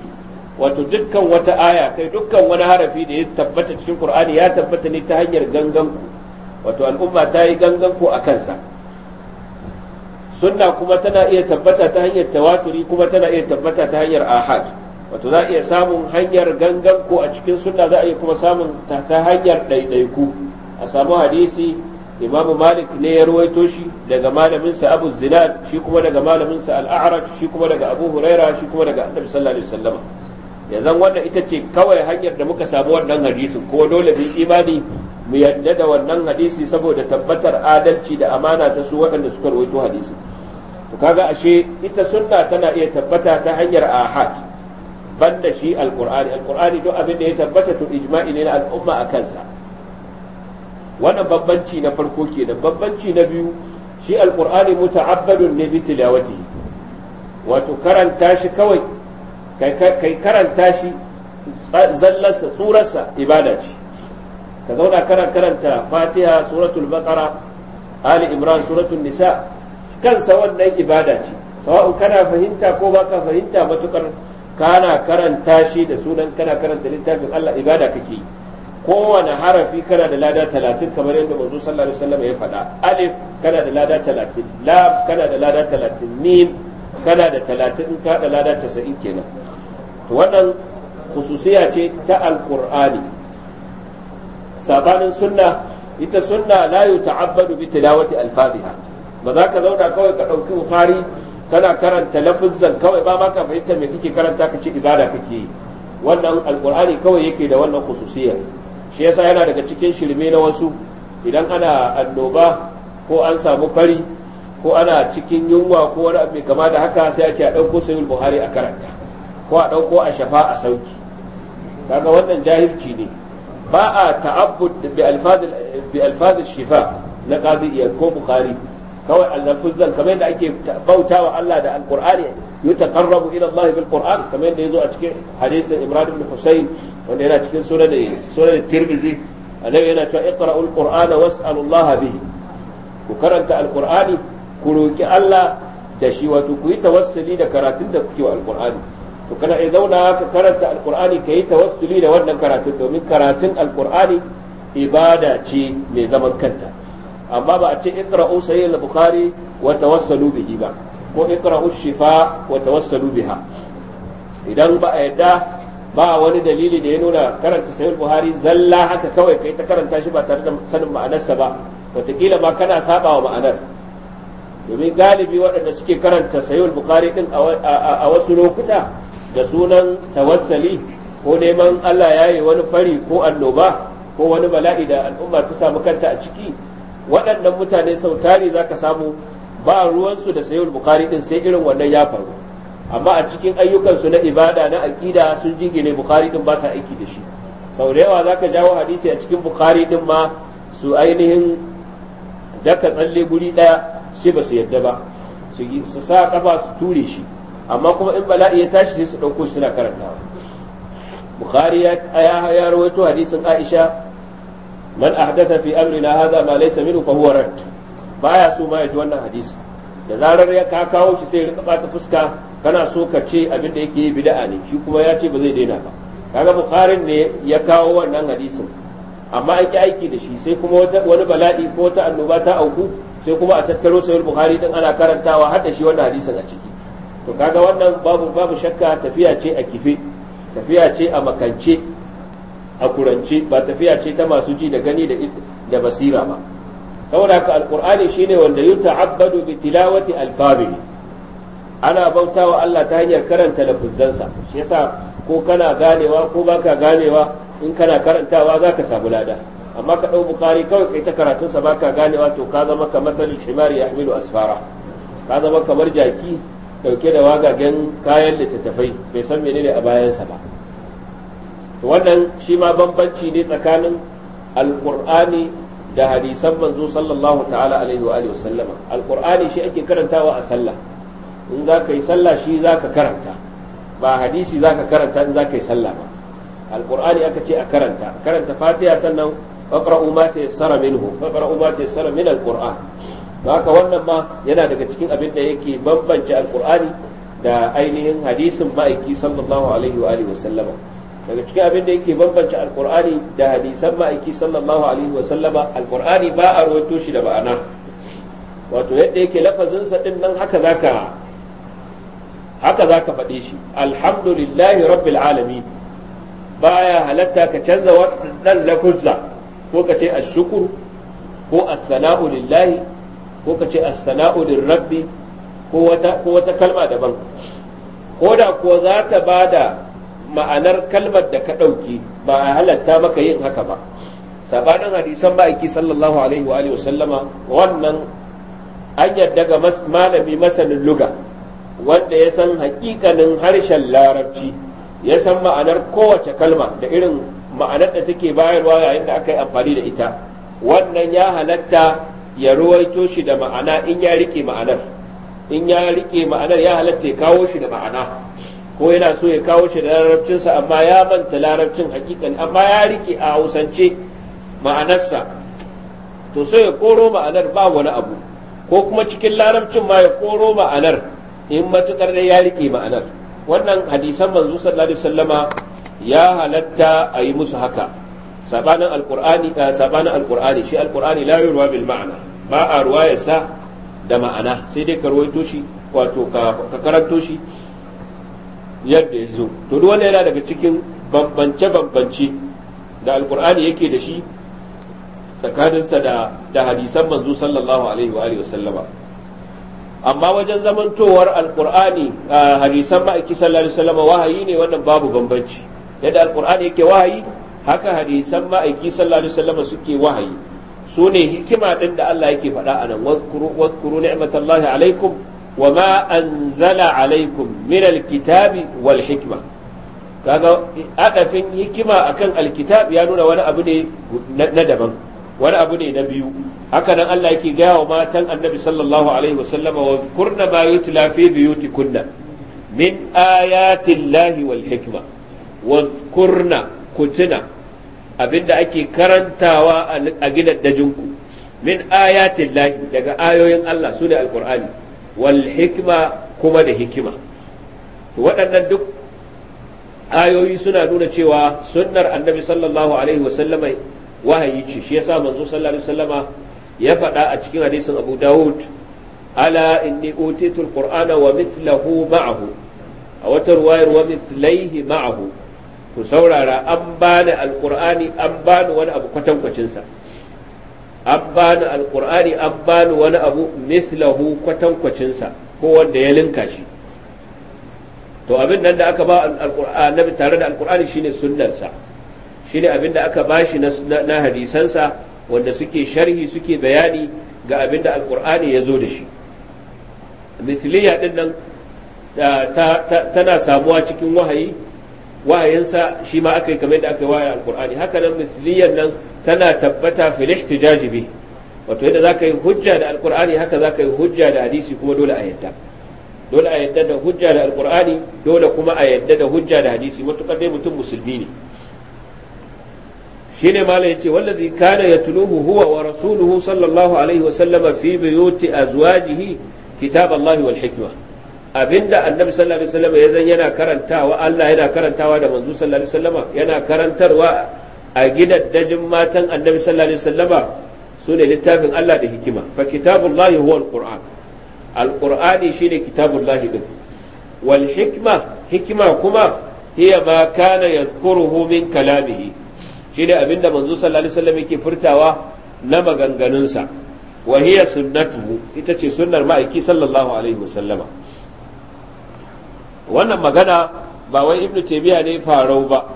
B: wato dukkan wata aya kai dukkan wani harafi da ya tabbata cikin qur'ani ya tabbata ne ta hanyar gangan ku wato al'umma ta yi gangan ku a kansa sunna kuma tana iya tabbata ta hanyar tawaturi kuma tana iya tabbata ta hanyar ahad wato za a iya samun hanyar gangan ku a cikin sunna za a iya kuma samun ta hanyar ɗaiɗaiku a samu hadisi imam malik ne ya ruwaito shi daga malaminsa abu zinad shi kuma daga malaminsa al'arar shi kuma daga abu huraira shi kuma daga annabi sallallahu alaihi wasallam ya zan wannan ita ce kawai hanyar da muka samu wannan hadisi ko dole mu imani mu yarda da wannan hadisi saboda tabbatar adalci da amana ta su waɗanda suka rawaito hadisi to kaga ashe ita sunna tana iya tabbata ta hanyar ahad banda shi alqur'ani alqur'ani duk abin da ya tabbata to ijma'i ne na al'umma a kansa wannan babbanci na farko kenan babbanci na biyu shi alqur'ani muta'abbadun ne bi wato karanta shi kawai kai karanta shi zallarsa tsurarsa ibada ce ka zauna kana karanta fatiha suratul baqara ali imran suratul nisa kansa wannan ibada ce sawa'un kana fahimta ko ba ka fahimta matukar kana karanta shi da sunan kana karanta littafin Allah ibada kake yi kowane harafi kana da lada talatin kamar yadda manzo sallallahu alaihi wasallam ya faɗa alif kana da lada talatin lam kana da lada talatin mim kana da talatin in ka da lada tasa'in kenan wannan khususiya ce ta alkur'ani sabanin sunna ita sunna la yuta'abbadu bi tilawati alfabiha ba za ka zauna kawai ka ɗauki bukhari kana karanta lafizan kawai ba ma ka fahimta me kake karanta ka ci ibada kake wannan alkur'ani kawai yake da wannan khususiyar shi yasa yana daga cikin shirme na wasu idan ana annoba ko an samu fari ko ana cikin yunwa ko wani abu kama da haka sai a ce a ɗauko sayul buhari a karanta ko a ɗauko a shafa a sauki kaga wannan jahilci ne ba a ta'abbud bi alfazil shifa na qadiyya ko bukhari kawai al-lafzan kamar yadda ake wa Allah da alqur'ani yutaqarrabu ila Allah bil qur'an kamar yadda yazo a cikin hadisin Imran ibn Husayn wanda yana cikin sura sunan Tirmidhi annabi yana cewa iqra'ul qur'ana was'alu Allah bihi ku karanta alqur'ani ku roki Allah da shi wato ku yi tawassuli da karatun da kuke wa alqur'ani to kana iya zauna ka karanta alkur'ani ka yi tawassuli da wannan karatun domin karatun alkur'ani ibada ce mai zaman kanta amma ba a ce iqra'u sahih al-bukhari wa tawassalu bihi ba ko iqra'u shifa wa tawassalu biha idan ba a yadda ba wani dalili da ya nuna karanta sahih buhari zalla haka kawai kai ta karanta shi ba tare da sanin ma'anarsa ba wataƙila ma kana saba wa ma'anar domin galibi waɗanda suke karanta sahih buhari din a wasu lokuta da sunan tawassali ko neman Allah ya yi wani fari ko annoba ko wani bala'i da al'umma ta samu kanta a ciki waɗannan mutane sau tari za ka samu ba ruwansu da sayi bukari din sai irin wannan ya faru amma a cikin ayyukansu na ibada na aƙida sun jingine bukari din ba sa aiki da shi sau da yawa za ka jawo hadisi a cikin bukari din ma su ainihin daka tsalle guri ɗaya sai ba su yadda ba su sa kafa su ture shi amma kuma in bala'i ya tashi sai su ɗauko suna karantawa bukhari ya rawaito hadisin aisha man ahdatha fi amrina hadha ma laysa minhu fa huwa rad baya so ma yaji wannan hadisi da zarar ya ka kawo shi sai rika bata fuska kana so ka ce abin da yake bid'a ne shi kuma ya ce ba zai daina ba kaga bukharin ne ya kawo wannan hadisin amma an ki aiki da shi sai kuma wani bala'i ko ta annoba ta auku sai kuma a tattaro sahih bukhari din ana karantawa har da shi wannan hadisin a ciki to kaga wannan babu babu shakka tafiya ce a kife tafiya ce a makance a kurance ba tafiya ce ta masu ji da gani da da basira ba saboda haka alqur'ani shine wanda yuta'abbadu bi tilawati alfazihi ana bautawa Allah ta hanyar karanta lafuzzansa shi yasa ko kana ganewa ko baka ganewa in kana karantawa zaka samu lada amma ka ɗau bukari kawai kai ta karatunsa baka ganewa to ka zama ka masalin himari ya asfara ka zama kamar jaki dauke da wagagen kayan littattafai bai san menene a bayansa ba wannan shi ma bambanci ne tsakanin alkur'ani da hadisan manzo sallallahu ta'ala alaihi wa alihi wasallama alkur'ani shi ake karantawa a sallah in za ka yi sallah shi za ka karanta ba hadisi za ka karanta in za ka yi sallah ba alkur'ani aka ce a karanta karanta fatiha sannan faqra'u ma tayassara minhu faqra'u ma tayassara min alqur'an haka wannan ma yana daga cikin abin da yake bambance alkur'ani da ainihin hadisin ma'aiki sallallahu alaihi wa alihi wasallama daga cikin abin da yake bambance alkur'ani da hadisan ma'aiki sallallahu alaihi sallama alkur'ani ba a rawaito shi da ma'ana wato yadda yake lafazin sa din nan haka zaka haka zaka faɗe shi alhamdulillahi rabbil alamin baya halatta ka canza waɗannan lafuzza ko ka ce ashkuru ko as-sana'u lillahi ko ka ce as-sana'u rabbi ko wata ko wata kalma daban ko da kuwa za ta bada ma'anar kalmar da ka ɗauki ba a halatta maka yin haka ba sabanin hadisan ma'aiki sallallahu alaihi wa alihi wasallama wannan an yarda ga malami masanin luga wanda ya san hakikanin harshen larabci ya san ma'anar kowace kalma da irin ma'anar da take bayarwa yayin da aka yi amfani da ita wannan ya halatta ya ruwaito shi da ma'ana in ya rike ma'anar in ya rike ma'anar ya halatta ya kawo shi da ma'ana ko yana so ya kawo shi da larabcinsa amma ya manta larabcin hakikan amma ya rike a hausance ma'anarsa to so ya koro ma'anar ba wani abu ko kuma cikin larabcin ma ya koro ma'anar in matukar da ya rike ma'anar wannan hadisan manzo sallallahu alaihi wasallama ya halatta a yi musu haka sabanin alqur'ani eh, sabanin alqur'ani shi alqur'ani la yurwa bil ma'ana ba a ruwaya sa da ma'ana sai dai ka ruwaito shi wato ka karanto shi yadda ya zo to duk wanda yana daga cikin bambance-bambance da alkur'ani yake da shi tsakaninsa da hadisan manzo sallallahu alaihi wa sallama amma wajen zamantowar alkur'ani hadisan ma'aiki sallallahu alaihi wasallama wahayi ne wannan babu bambanci yadda alkur'ani yake wahayi haka hadisan ma'aiki sallallahu alaihi wasallama suke wahayi su ne hikima ɗin da Allah yake faɗa a nan wadkuru ni'matallahi alaikum wa ma anzala alaikum min alkitabi wal hikma kaga adafin hikima akan alkitab ya nuna wani abu ne na daban wani abu ne na biyu haka nan Allah yake gaya wa matan annabi sallallahu alaihi wasallam wa kurna ma yutla fi biyutikunna min ayatillahi llahi wal hikma wa kurna kutuna abinda ake karantawa a gidaddajinku min ayatin lahi daga ayoyin Allah su ne alkur'ani wal hikima kuma da hikima waɗannan duk ayoyi suna nuna cewa sunnar annabi sallallahu alaihi wasallama wahayi ce shi yasa manzo sallallahu alaihi wasallama ya faɗa a cikin hadisin abu dawud ala inni utitul qur'ana wa mithlahu ma'ahu a wata ruwayar wa mithlaihi ma'ahu ku saurara an bani alqur'ani an bani wani abu kwatankwacin sa an bani alqur'ani an bani wani abu mithlahu kwatankwacin sa ko wanda ya linka shi to abin nan da aka ba alqur'ani tare da alqur'ani shine sunnar sa shine abin da aka bashi na hadisansa wanda suke sharhi suke bayani ga abin da alkur'ani ya zo da shi misliya din nan tana samuwa cikin wahayi wahayinsa shi ma aka yi kamar yadda aka yi wahayin alkur'ani haka nan misliyan nan tana tabbata fil ihtijaji bi wato yadda zaka yi hujja da alkur'ani haka zaka yi hujja da hadisi kuma dole a yadda dole a yadda da hujja da alkur'ani dole kuma a yadda da hujja da hadisi matukar dai mutum musulmi ne shine mala yace wallazi kana yatluhu huwa wa rasuluhu sallallahu alaihi wa sallama fi buyuti azwajihi kitab Allah wal hikma abinda annabi sallallahu alaihi wasallam ya zan yana karantawa Allah yana karantawa da manzo sallallahu alaihi wasallama yana karantarwa a gidaddajin matan annabi sallallahu alaihi wasallama sune littafin Allah da hikima fa kitabullahi huwa alquran alqurani shine kitabullahi din wal hikma hikima kuma hiya ma kana yadhkuruhu min kalamihi shine abinda manzo sallallahu alaihi wasallam yake furtawa na maganganunsa wa hiya sunnatuhu ita ce sunnar ma'aiki sallallahu alaihi wasallama wannan magana ba wai ibnu taymiya ne farau ba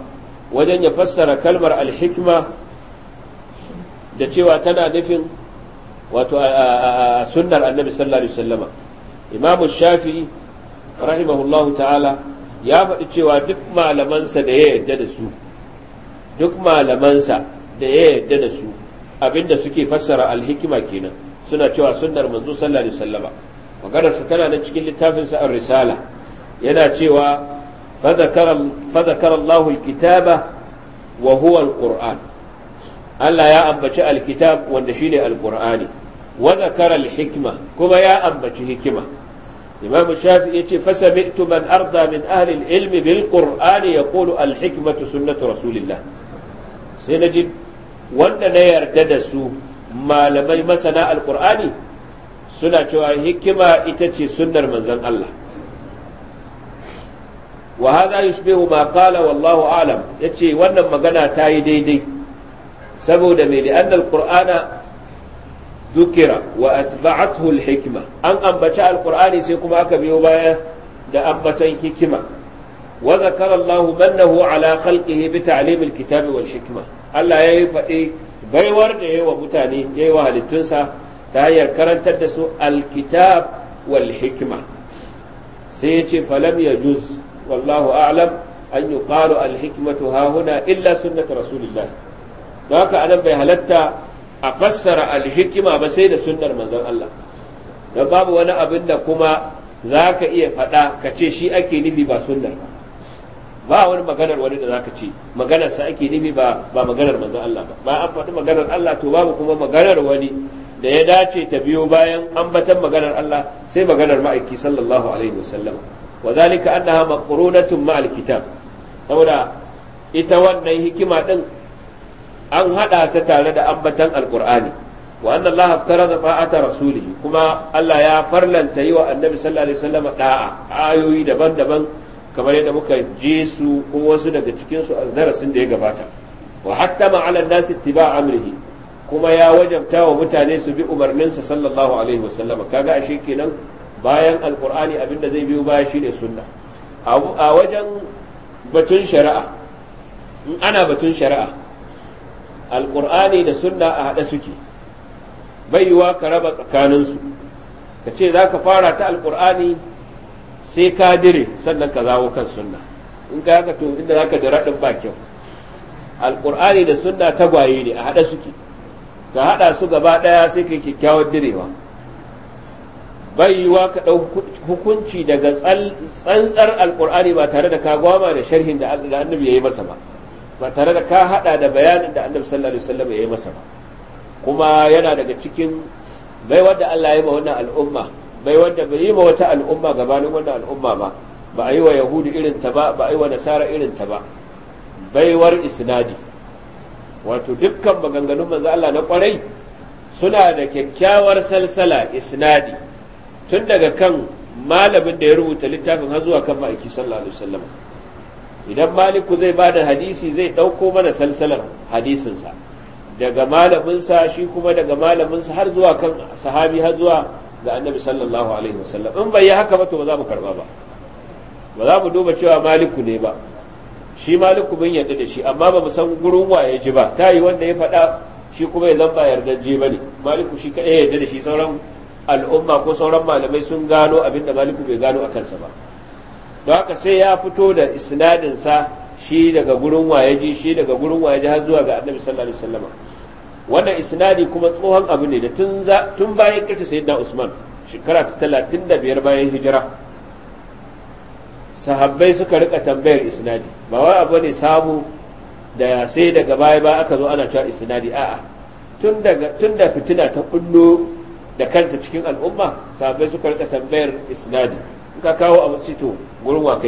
B: wajen ya fassara kalmar alhikma da cewa tana nufin wato sunnar annabi sallallahu alaihi wasallama imam shafi'i rahimahullahu ta'ala ya faɗi cewa duk malamansa da ya yarda da su duk malamansa da ya yadda da su abinda suke fassara alhikima kenan suna cewa sunnar manzo sallallahu alaihi wasallama maganar su tana na cikin littafinsa a risala yana cewa fazakar Allahu kitaba wa huwa alquran Allah ya ambaci alkitab wanda shine alqur'ani wa zakara alhikma kuma ya ambaci hikima imam shafi yace fa sami'tu man arda min ahli alilmi bilqur'ani yaqulu alhikmatu sunnatu rasulillah sai naji wanda na yarda da su malamai masana alqur'ani suna cewa hikima ita ce sunnar manzon Allah wa hadha yushbihu ma qala wallahu a'lam yace wannan magana tayi daidai saboda me li'anna al-qur'ana ذكر وأتبعته الحكمة أن أنبتاء القرآن سيكم أكبر باية دا أنبتين حكمة وذكر الله منه على خلقه بتعليم الكتاب والحكمة ألا يفعي baiwar da yayi wa mutane yayi wa halittunsa ta hanyar karantar da su alkitab wal hikima sai ya ce falam ya juz wallahu a'lam an yuqalu al-hikmatu ha illa sunnat rasulillah don haka anan bai halatta a fassara al ba sai da sunnar manzon Allah don babu wani abin da kuma za ka iya faɗa ka ce shi ake nufi ba sunnar ba ba wani maganar wani da zaka ce maganar sa ake nufi ba ba maganar Allah ba an maganar Allah to babu kuma maganar wani da ya dace ta biyo bayan ambatan maganar Allah sai maganar ma'aiki sallallahu alaihi wasallam wa zalika annaha maqrunatun ma'al kitab saboda ita wannan hikima din an hada ta tare da ambatan alkur'ani wa'annan anna Allah aftarada ta'ata kuma Allah ya farlanta yi wa annabi sallallahu alaihi wasallam da'a ayoyi daban-daban kamar yadda muka je su wasu daga cikin a darasin da ya gabata wa hatta ma ala nasi ittiba amrihi kuma ya wajabta wa mutane su bi umarninsa sallallahu alaihi wasallam kaga ashe kenan bayan alkur'ani abinda zai biyo baya shine sunna a wajen batun shari'a in ana batun shari'a alkur'ani da sunna a haɗe suke bai yiwa ka raba tsakaninsu ka ce za ka fara ta alkur'ani sai ka dire sannan ka zawo kan sunna in ka haka to inda za ka dira ɗin ba kyau alkur'ani da sunna tagwaye ne a haɗe suke ka haɗa su gaba ɗaya sai ka kyakkyawar direwa bai yiwa ka ɗau hukunci daga tsantsar alkur'ani ba tare da ka gwama da sharhin da annabi ya yi masa ba ba tare da ka haɗa da bayanin da annabi sallallahu alaihi wasallam ya yi masa ba kuma yana daga cikin bai wanda Allah ya yi ma wannan al'umma bai wanda bai yi ma wata al'umma gabanin wannan al'umma ba ba a yi wa yahudu irin ta ba ba a yi wa nasara irin ta ba baiwar isnadi wato dukkan maganganun manzo Allah na kwarai suna da kyakkyawar salsala isnadi tun daga kan malamin da ya rubuta littafin har zuwa kan ma'aiki sallallahu alaihi wasallam idan maliku zai bada hadisi zai ɗauko mana salsalar hadisinsa daga malaminsa shi kuma daga malaminsa har zuwa kan sahabi har zuwa ga annabi sallallahu alaihi wasallam in bai yi haka ba to ba za mu karba ba ba za mu duba cewa maliku ne ba shi maliku mun yarda da shi amma ba mu san gurin wa ya ji ba ta yi wanda ya faɗa shi kuma ya zamba yarda je ba ne maliku shi kaɗai yarda da shi sauran al'umma ko sauran malamai sun gano abinda maliku bai gano a kansa ba don haka sai ya fito da isnadin sa shi daga gurin wayaji shi daga gurin wayaji har zuwa ga annabi sallallahu alaihi wasallam wannan isnadi kuma tsohon abu ne da tun tun bayan kace sayyidina usman shekara ta 35 bayan hijira sahabbai suka rika tambayar isnadi ba wai abu ne samu da sai daga baya ba aka zo ana cewa isnadi a'a tun daga tun da fitina ta kullo da kanta cikin al'umma sahabbai suka rika tambayar isnadi in ka kawo a sito gurin wa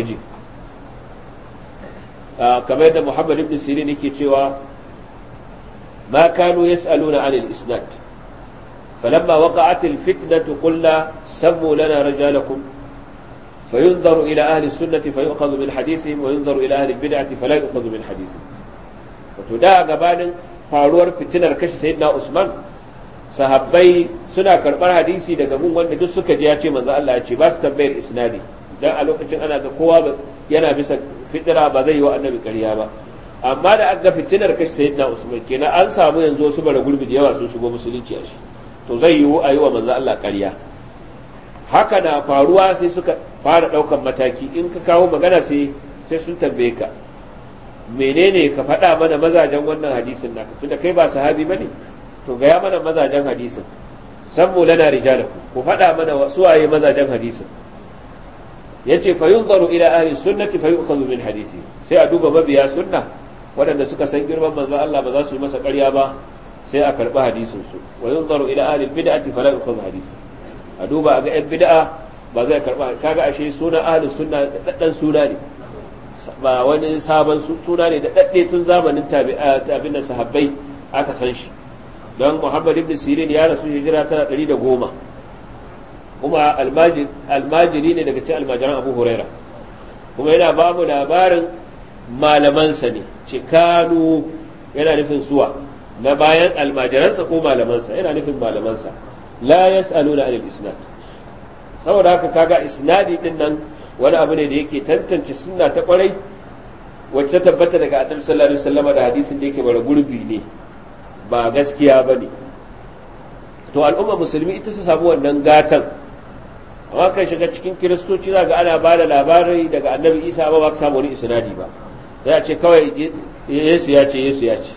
B: ah, kamar da muhammad ibn sirin yake cewa ma kanu yas'aluna anil isnad فلما وقعت الفتنة قلنا سموا لنا رجالكم فينظر إلى أهل السنة فيؤخذ من حديثهم وينظر إلى أهل البدعة فلا يؤخذ من حديثهم وتدا قبال فاروار فتنة ركش سيدنا عثمان sahabbai suna karbar hadisi daga gun wanda duk suka ji ya ce manzo Allah ya ce ba su tambayar isnadi dan a lokacin ana ga kowa yana bisa fitira ba zai yi wa annabi ƙarya ba amma da an ga fitinar kashi sayyidina usman kenan an samu yanzu wasu bara gurbi da yawa sun shigo musulunci a shi to zai yiwu a yi wa manzo Allah ƙarya haka na faruwa sai suka fara ɗaukan mataki in ka kawo magana sai sai sun tambaye ka menene ka faɗa mana mazajen wannan hadisin naka tunda kai ba sahabi bane to gaya mana mazajen hadisin sammu lana rijalakum ku faɗa mana su suwaye mazajen hadisin yace fa yunzaru ila ahli sunnati fa yu'khadhu min hadisi sai a duba mabiya sunna waɗanda suka san girman manzon Allah ba za su yi masa ƙarya ba sai a karɓi hadisin su wa yunzaru ila ahli bid'ati fa la yu'khadhu hadisi a duba ga yan bid'a ba zai karɓa kaga ashe sunan ahli sunna daddan suna ne ba wani sabon suna ne da dadde tun zamanin tabi'a tabi'in sahabbai aka san shi don muhammad ibn sirin ya rasu hijira tana ɗari da goma kuma almajiri ne daga cikin almajiran abu huraira kuma yana ba mu labarin malamansa ne ce yana nufin suwa na bayan almajiransa ko malamansa yana nufin malamansa la yas'aluna anil isnad saboda haka kaga isnadi din nan wani abu ne da yake tantance sunna ta kwarai wacce tabbata daga annabi sallallahu alaihi wasallam da hadisin da yake bara gurbi ne ba gaskiya ba ne to al'umma musulmi ita su samu wannan gatan amma kan shiga cikin kiristoci za ga ana ba da labarai daga annabi isa ba ba ka samu wani isnadi ba za ce kawai yesu ya ce yesu ya ce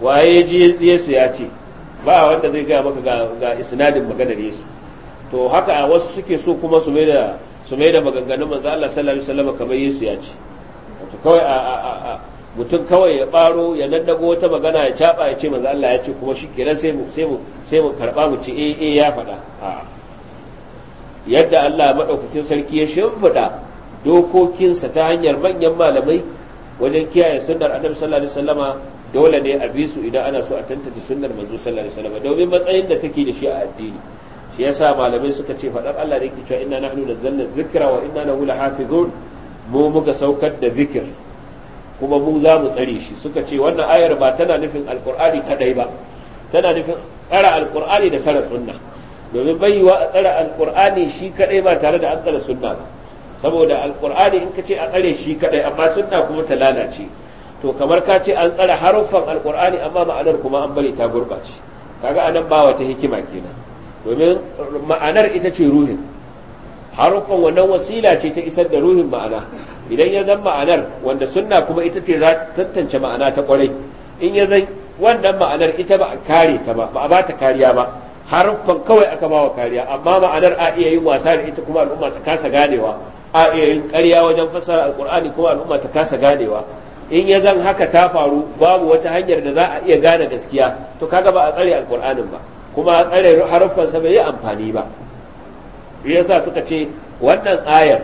B: waye ji yesu ya ce ba wanda zai gaya maka ga isnadin maganar yesu to haka a wasu suke so kuma su mai da su mai da maganganun manzo Allah sallallahu alaihi wasallam kamar yesu ya ce to kawai a mutum kawai ya ɓaro ya daddago wata magana ya caba ya ce manzo Allah ya ce kuma shikenan sai mu sai mu sai mu karba mu ce eh eh ya faɗa yadda Allah madaukakin sarki ya shimfiɗa dokokinsa ta hanyar manyan malamai wajen kiyaye sunnar annabi sallallahu alaihi wasallama dole ne a bi su idan ana so a tantance sunnar manzo sallallahu alaihi wasallama domin matsayin da take da shi a addini shi yasa malamai suka ce faɗar Allah da yake cewa inna nahnu nazzalna dhikra wa inna lahu lahafizun mu muka saukar da zikir kuma mu za mu tsare shi suka ce wannan ayar ba tana nufin alkur'ani kadai ba tana nufin tsara alkur'ani da tsara sunna domin baiwa a tsara alkur'ani shi kadai ba tare da an tsara sunna ba saboda alkur'ani in ka ce a tsare shi kadai amma sunna kuma ta lalace to kamar ka ce an tsara haruffan alkur'ani amma ma'anar kuma an bari ta gurbace kaga anan ba wata hikima kenan domin ma'anar ita ce ruhin haruffan wannan wasila ce ta isar da ruhin ma'ana idan ya zan ma'anar wanda sunna kuma ita ce za ta tantance ma'ana ta kwarai in ya zan wannan ma'anar ita ba a kare ta ba ba a bata kariya ba harfan kawai aka bawa kariya amma ma'anar a iya yin wasa da ita kuma al'umma ta kasa ganewa a iya yin ƙarya wajen fassara alkur'ani kuma al'umma ta kasa ganewa in ya zan haka ta faru babu wata hanyar da za a iya gane gaskiya to kaga ba a tsare alkur'anin ba kuma a tsare sa bai yi amfani ba yasa suka ce wannan ayar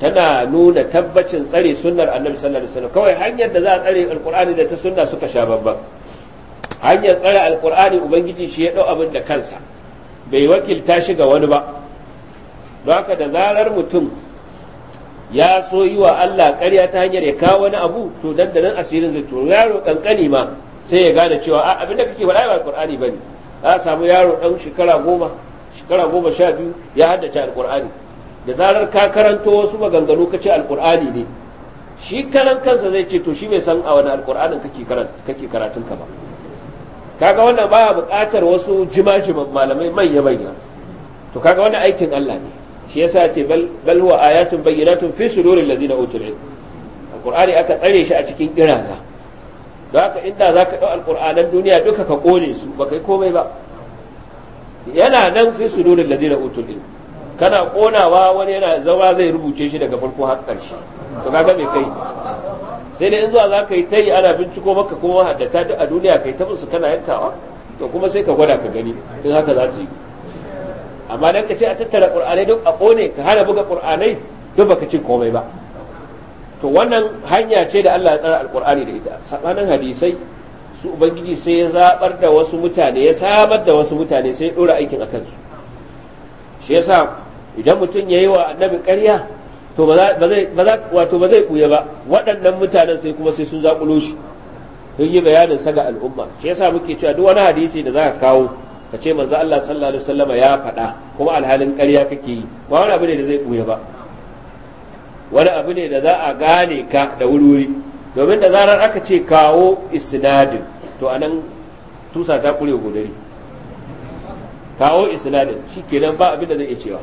B: tana nuna tabbacin tsare sunnar annabi sallallahu alaihi wasallam kawai hanyar da za a tsare alqur'ani da ta sunna suka sha babban hanyar tsare alqur'ani ubangiji shi ya dau abin da kansa bai wakilta shi ga wani ba don haka da zarar mutum ya so yi wa Allah ƙarya ta hanyar ya kawo wani abu to dan da nan asirin zai to yaro kankani ma sai ya gane cewa a abin da kake faɗa ba alqur'ani bane za a samu yaro dan shekara goma shekara goma sha biyu ya haddace alqur'ani da zarar ka karanto wasu maganganu ka ce alkur'ani ne shi karan kansa zai ce to shi bai san a wani alkur'anin kake karatun ka ba kaga wannan baya buƙatar wasu jima-jiman malamai manya-manya to kaga wannan aikin Allah ne shi yasa ce bal huwa ayatun bayyinatun fi sudurin ladina utul ilm alqur'ani aka tsare shi a cikin kiraza don haka inda ka ɗau alkur'anan duniya duka ka kone su baka yi komai ba yana nan fi sudurin ladina utul ilm kana konawa wani yana zama zai rubuce shi daga farko har ƙarshe to kaga me kai sai dai in zuwa za ka yi ta yi ana binciko maka kuma haddata duk a duniya kai ta musu kana yankawa to kuma sai ka gwada ka gani in haka za ta yi amma dan ka ce a tattara qur'anai duk a kone ka hana buga kur'anai duk baka ci komai ba to wannan hanya ce da Allah ya tsara alqur'ani da ita sabanin hadisai su ubangiji sai ya zabar da wasu mutane ya samar da wasu mutane sai ya dora aikin akan su shi yasa idan mutum ya yi wa annabi ƙarya to wato ba zai ɓuya ba waɗannan mutanen sai kuma sai sun zaƙulo shi sun yi bayanin sa ga al'umma shi yasa muke cewa duk wani hadisi da za ka kawo ka ce manzo Allah sallallahu alaihi wasallama ya faɗa kuma alhalin ƙarya kake yi ba wani abu ne da zai ɓuya ba wani abu ne da za a gane ka da wuri wuri domin da zarar aka ce kawo isnadin to anan tusa ta kure godari kawo isnadin shikenan ba abin da zai iya cewa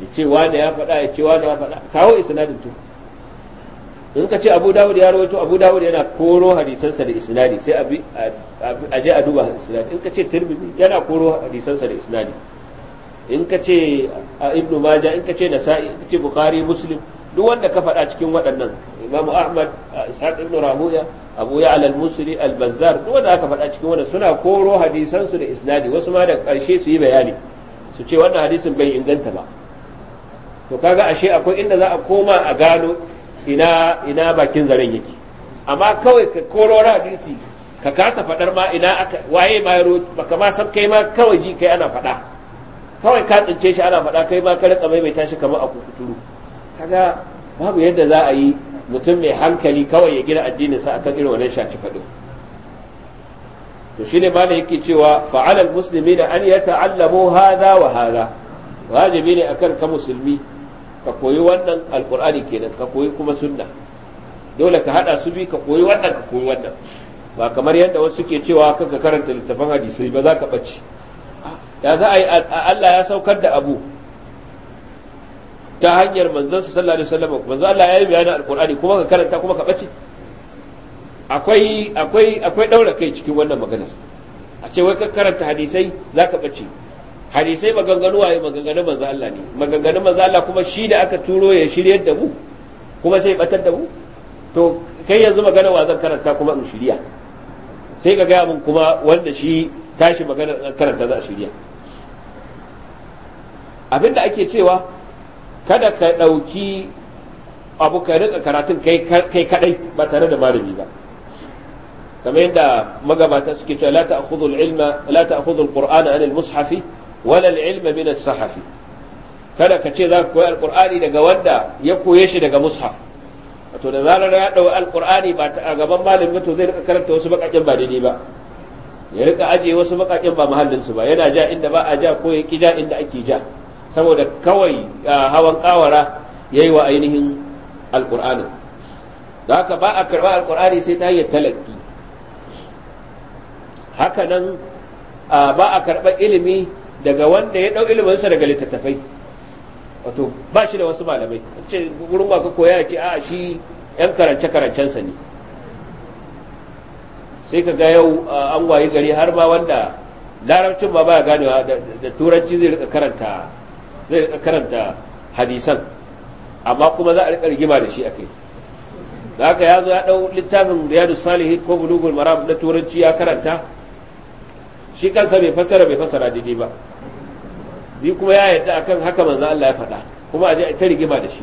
B: ya ce wani ya faɗa ya ce wani ya faɗa kawo isnadin to in ka ce abu dawud ya rawaito abu dawud yana koro hadisansa da isnadi sai a je a duba isnadi in ka ce tirmidhi yana koro hadisansa da isnadi in ka ce ibnu maja in ka ce nasa'i in ka ce bukhari muslim duk wanda ka faɗa cikin waɗannan imam ahmad ishaq ibnu rahuya abu ya'la al-musri al-bazzar duk wanda aka faɗa cikin wannan suna koro hadisansu da isnadi wasu ma da ƙarshe su yi bayani su ce wannan hadisin bai inganta ba to kaga ashe akwai inda za a koma a gano ina ina bakin zaren yake amma kawai ka koro hadisi ka kasa fadar ma ina aka waye ma yaro baka ma san kai ma kawai ji kai ana fada kawai ka tsince shi ana fada kai ma ka rika mai tashi kamar a kukuturu kaga babu yadda za a yi mutum mai hankali kawai ya gina addinin sa akan irin wannan shaci fado to shine malam yake cewa fa'alal muslimina an yata'allamu hadha wa hadha wajibi ne akan ka musulmi ka koyi wannan alkur'ani kenan ka koyi kuma sunna dole ka hada su bi ka koyi wannan ka koyi wannan ba kamar yadda wasu ke cewa ka karanta littafin hadisai ba za ka ɓace ya za a yi Allah ya saukar da abu ta hanyar manzon sa sallallahu alaihi wasallam manzon Allah ya yi bayanin alkur'ani kuma ka karanta kuma ka bace akwai akwai akwai daura kai cikin wannan maganar a ce wai ka karanta hadisai za ka bace hadisai maganganu waye maganganun manzo Allah ne maganganun manzo Allah kuma shi da aka turo ya shiryar da mu kuma sai batar da mu to kai yanzu magana wa zan karanta kuma in shirya sai ka gaya min kuma wanda shi tashi magana zan karanta za a shirya abinda ake cewa kada ka ɗauki abu ka rika karatun kai kadai ba tare da malami ba kamar yadda magabata suke cewa la ta'khudhu al-ilma la ta'khudhu al-qur'ana an al-mushafi walal ilma min sahafi kada ka ce za ka koyi alqur'ani daga wanda ya koye shi daga mushaf wato da zarar ya dau alqur'ani ba a gaban malami to zai rika karanta wasu bakakin ba daidai ba ya rika ajiye wasu bakakin ba muhallin su ba yana ja inda ba a ja ko ya ja inda ake ja saboda kawai hawan kawara yayi wa ainihin alkur'ani da haka ba a karba alqur'ani sai ta hanyar talaki haka nan ba a karɓar ilimi daga wanda ya ɗau ilimin sa daga littattafai wato ba shi da wasu malamai ce gurin ba ka koya ki a shi yan karance karancensa ne sai ka ga yau an wayi gari har ma wanda larabcin ba ba ganewa da turanci zai rika karanta zai rika karanta hadisan amma kuma za a rika rigima da shi akai da haka ya zo ya ɗau littafin riyadu salihin ko bulugul maram na turanci ya karanta shi kansa bai fassara bai fassara daidai ba ni kuma ya yadda akan haka manzo Allah ya faɗa kuma a je ta rigima da shi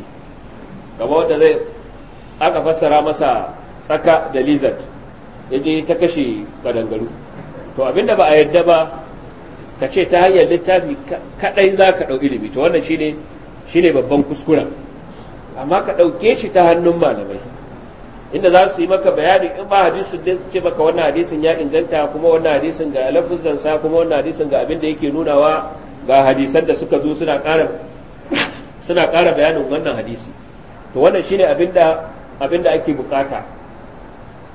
B: gaba wanda zai aka fassara masa tsaka da lizard ya je ta kashe kadangaru to abinda ba a yadda ba ka ce ta hanyar littafi kaɗai za ka ɗau ilimi to wannan shine shine babban kuskuren amma ka ɗauke shi ta hannun malamai inda za su yi maka bayani in ba hadisin da ce maka wannan hadisin ya inganta kuma wannan hadisin ga lafuzansa kuma wannan hadisin ga abin da yake nunawa ga hadisan da suka zo suna ƙara suna ƙara bayanin wannan hadisi to wannan shine abinda abinda ake bukata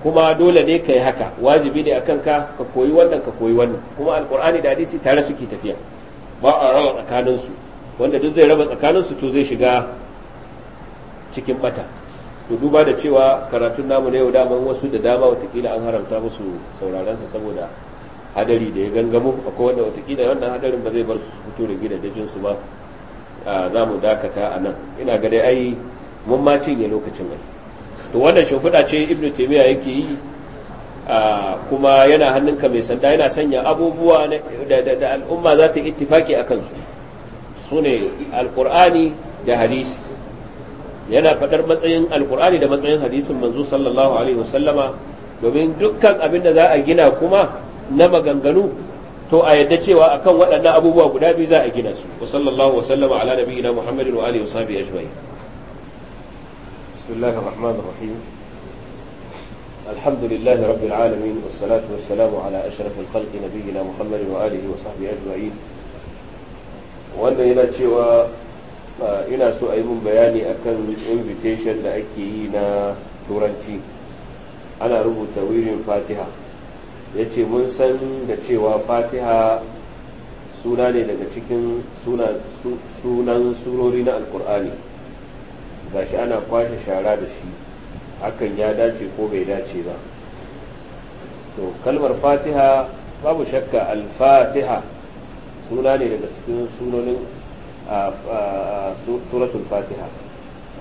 B: kuma dole ne kai haka wajibi ne akan ka ka koyi wannan ka koyi wannan kuma alqur'ani da hadisi tare suke tafiya ba a raba tsakanin su wanda duk zai raba tsakanin su to zai shiga cikin bata to duba da cewa karatun namu na yau daman wasu da dama watakila an haramta musu sauraron sa saboda hadari da ya gangamo akwai wanda watakila wannan hadarin ba zai bar su fito da gidajen su ba za mu dakata a nan ina ga dai ai mun ma cinye lokacin mai to wannan shimfiɗa ce ibnu taimiyya yake yi kuma yana hannunka mai sanda yana sanya abubuwa da al'umma za ta ittifaki a kansu su ne alƙur'ani da hadisi yana faɗar matsayin alƙur'ani da matsayin hadisin manzo sallallahu alaihi wasallama domin dukkan abin da za a gina kuma na maganganu to a yadda cewa akan waɗannan abubuwa guda biyu za a gina su wa sallallahu wa sallama ala nabiyina muhammadin wa alihi wa sahbihi ajma'in bismillahir rahmanir rahim alhamdulillahi rabbil alamin was salatu was salamu ala ashrafil khalqi nabiyina muhammadin wa alihi wa sahbihi ajma'in wanda yana cewa ina so a yi mun bayani akan invitation da ake yi na turanci ana rubuta wirin fatiha ya ce mun san da cewa fatiha suna ne daga cikin sunan surori na alkur'ani shi ana kwashe shara da shi hakan ya dace ko bai dace ba to kalmar fatiha babu shakka alfatiha suna ne daga cikin sunonin suratul fatiha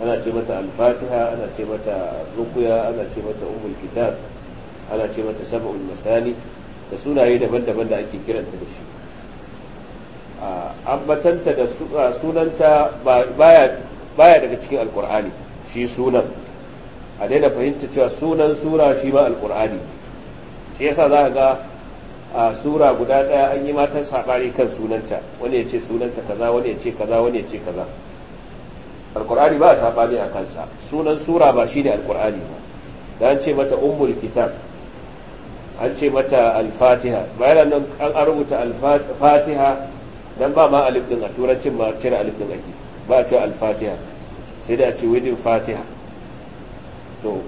B: ana ce mata alfatiha ana ce mata rukuya ana ce mata umul kitab ana ce mata sab'ul masani da sunaye daban-daban da ake kiranta da shi ambatanta da sunanta baya daga cikin alkur'ani shi sunan a daina fahimta cewa sunan sura shi ma alkur'ani shi yasa za ga a sura guda daya an yi matan saɓani kan sunanta wani ya ce sunanta kaza wani ya ce kaza wani ya ce kaza alkur'ani ba a saɓani a kansa sunan sura ba shi ne alkur'ani ba da an ce mata ummul kitab an ce mata alfatiha bayan nan an rubuta alfatiha dan ba ma alif din a turancin ma cire alif din ake ba a cewa alfatiha sai da a ce widin fatiha to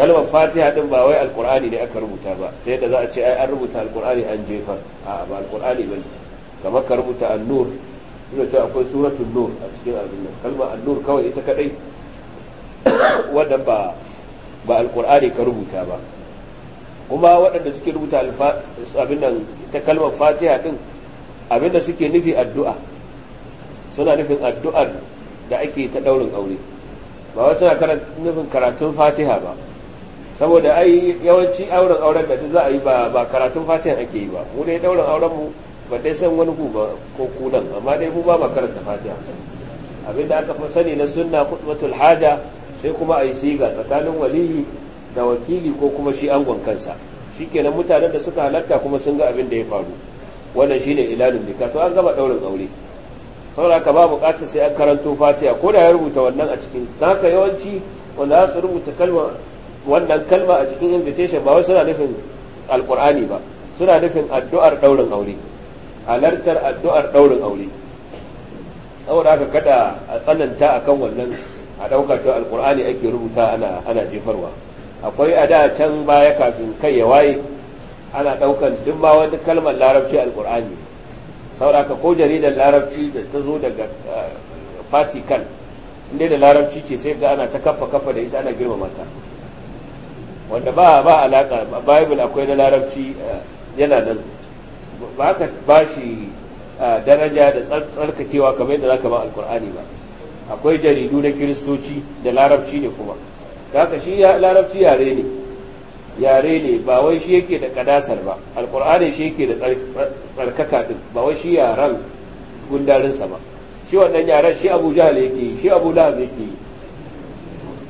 B: kalmar fatiha din ba wai alkur'ani ne aka rubuta ba ta yadda za a ce ai an rubuta alkur'ani an jefar a ba alkur'ani bane kamar ka rubuta an-nur ina ta akwai suratul nur a cikin abin kalmar an-nur kawai ita kadai wannan ba ba alkur'ani ka rubuta ba kuma waɗanda suke rubuta abin nan ta kalmar fatiha din abin da suke nufi addu'a suna nufin addu'ar da ake ta ɗaurin aure ba wasu suna nufin karatun fatiha ba saboda ai yawanci auren auren da za a yi ba karatun fatiha ake yi ba mu dai ɗaurin auren mu ba dai san wani ku ba ko kunan amma dai mu ba ma karanta fatiha abin da aka fi sani na sunna haja sai kuma a yi siga tsakanin waliyi da wakili ko kuma shi angon kansa shikenan mutanen da suka halatta kuma sun ga abin da ya faru wannan shine ilalin nika to an gama daurin aure saboda ka ba bukatar sai an karanto fatiya ko da ya rubuta wannan a cikin haka yawanci wanda za su rubuta kalma wannan kalma a cikin invitation ba wai suna nufin alkur'ani ba suna nufin addu'ar daurin aure halartar addu'ar daurin aure saboda haka kada a tsananta akan wannan a ɗauka to alkur'ani ake rubuta ana jefarwa akwai a da can baya kafin kai ya waye ana daukan duk ba wani kalmar larabci alkur'ani ka ko jaridar larabci da ta zo daga vatican eh, inda da larabci ce sai ga ana ta kafa kafa da ita ana girmama ta wanda ba ba alaka bible akwai na larabci eh, yana nan ba ka ba shi eh, daraja da tsarkakewa kamar yadda zaka ba alkur'ani ba akwai jaridu na kiristoci da larabci ne kuma haka shi ya larabci yare ne yare ne ba wai shi yake da kadasar ba alkur'ani shi yake da tsarkaka din ba wai shi yaran gundarinsa ba shi wannan yaran shi abu jahal yake yi shi abu lahab yake yi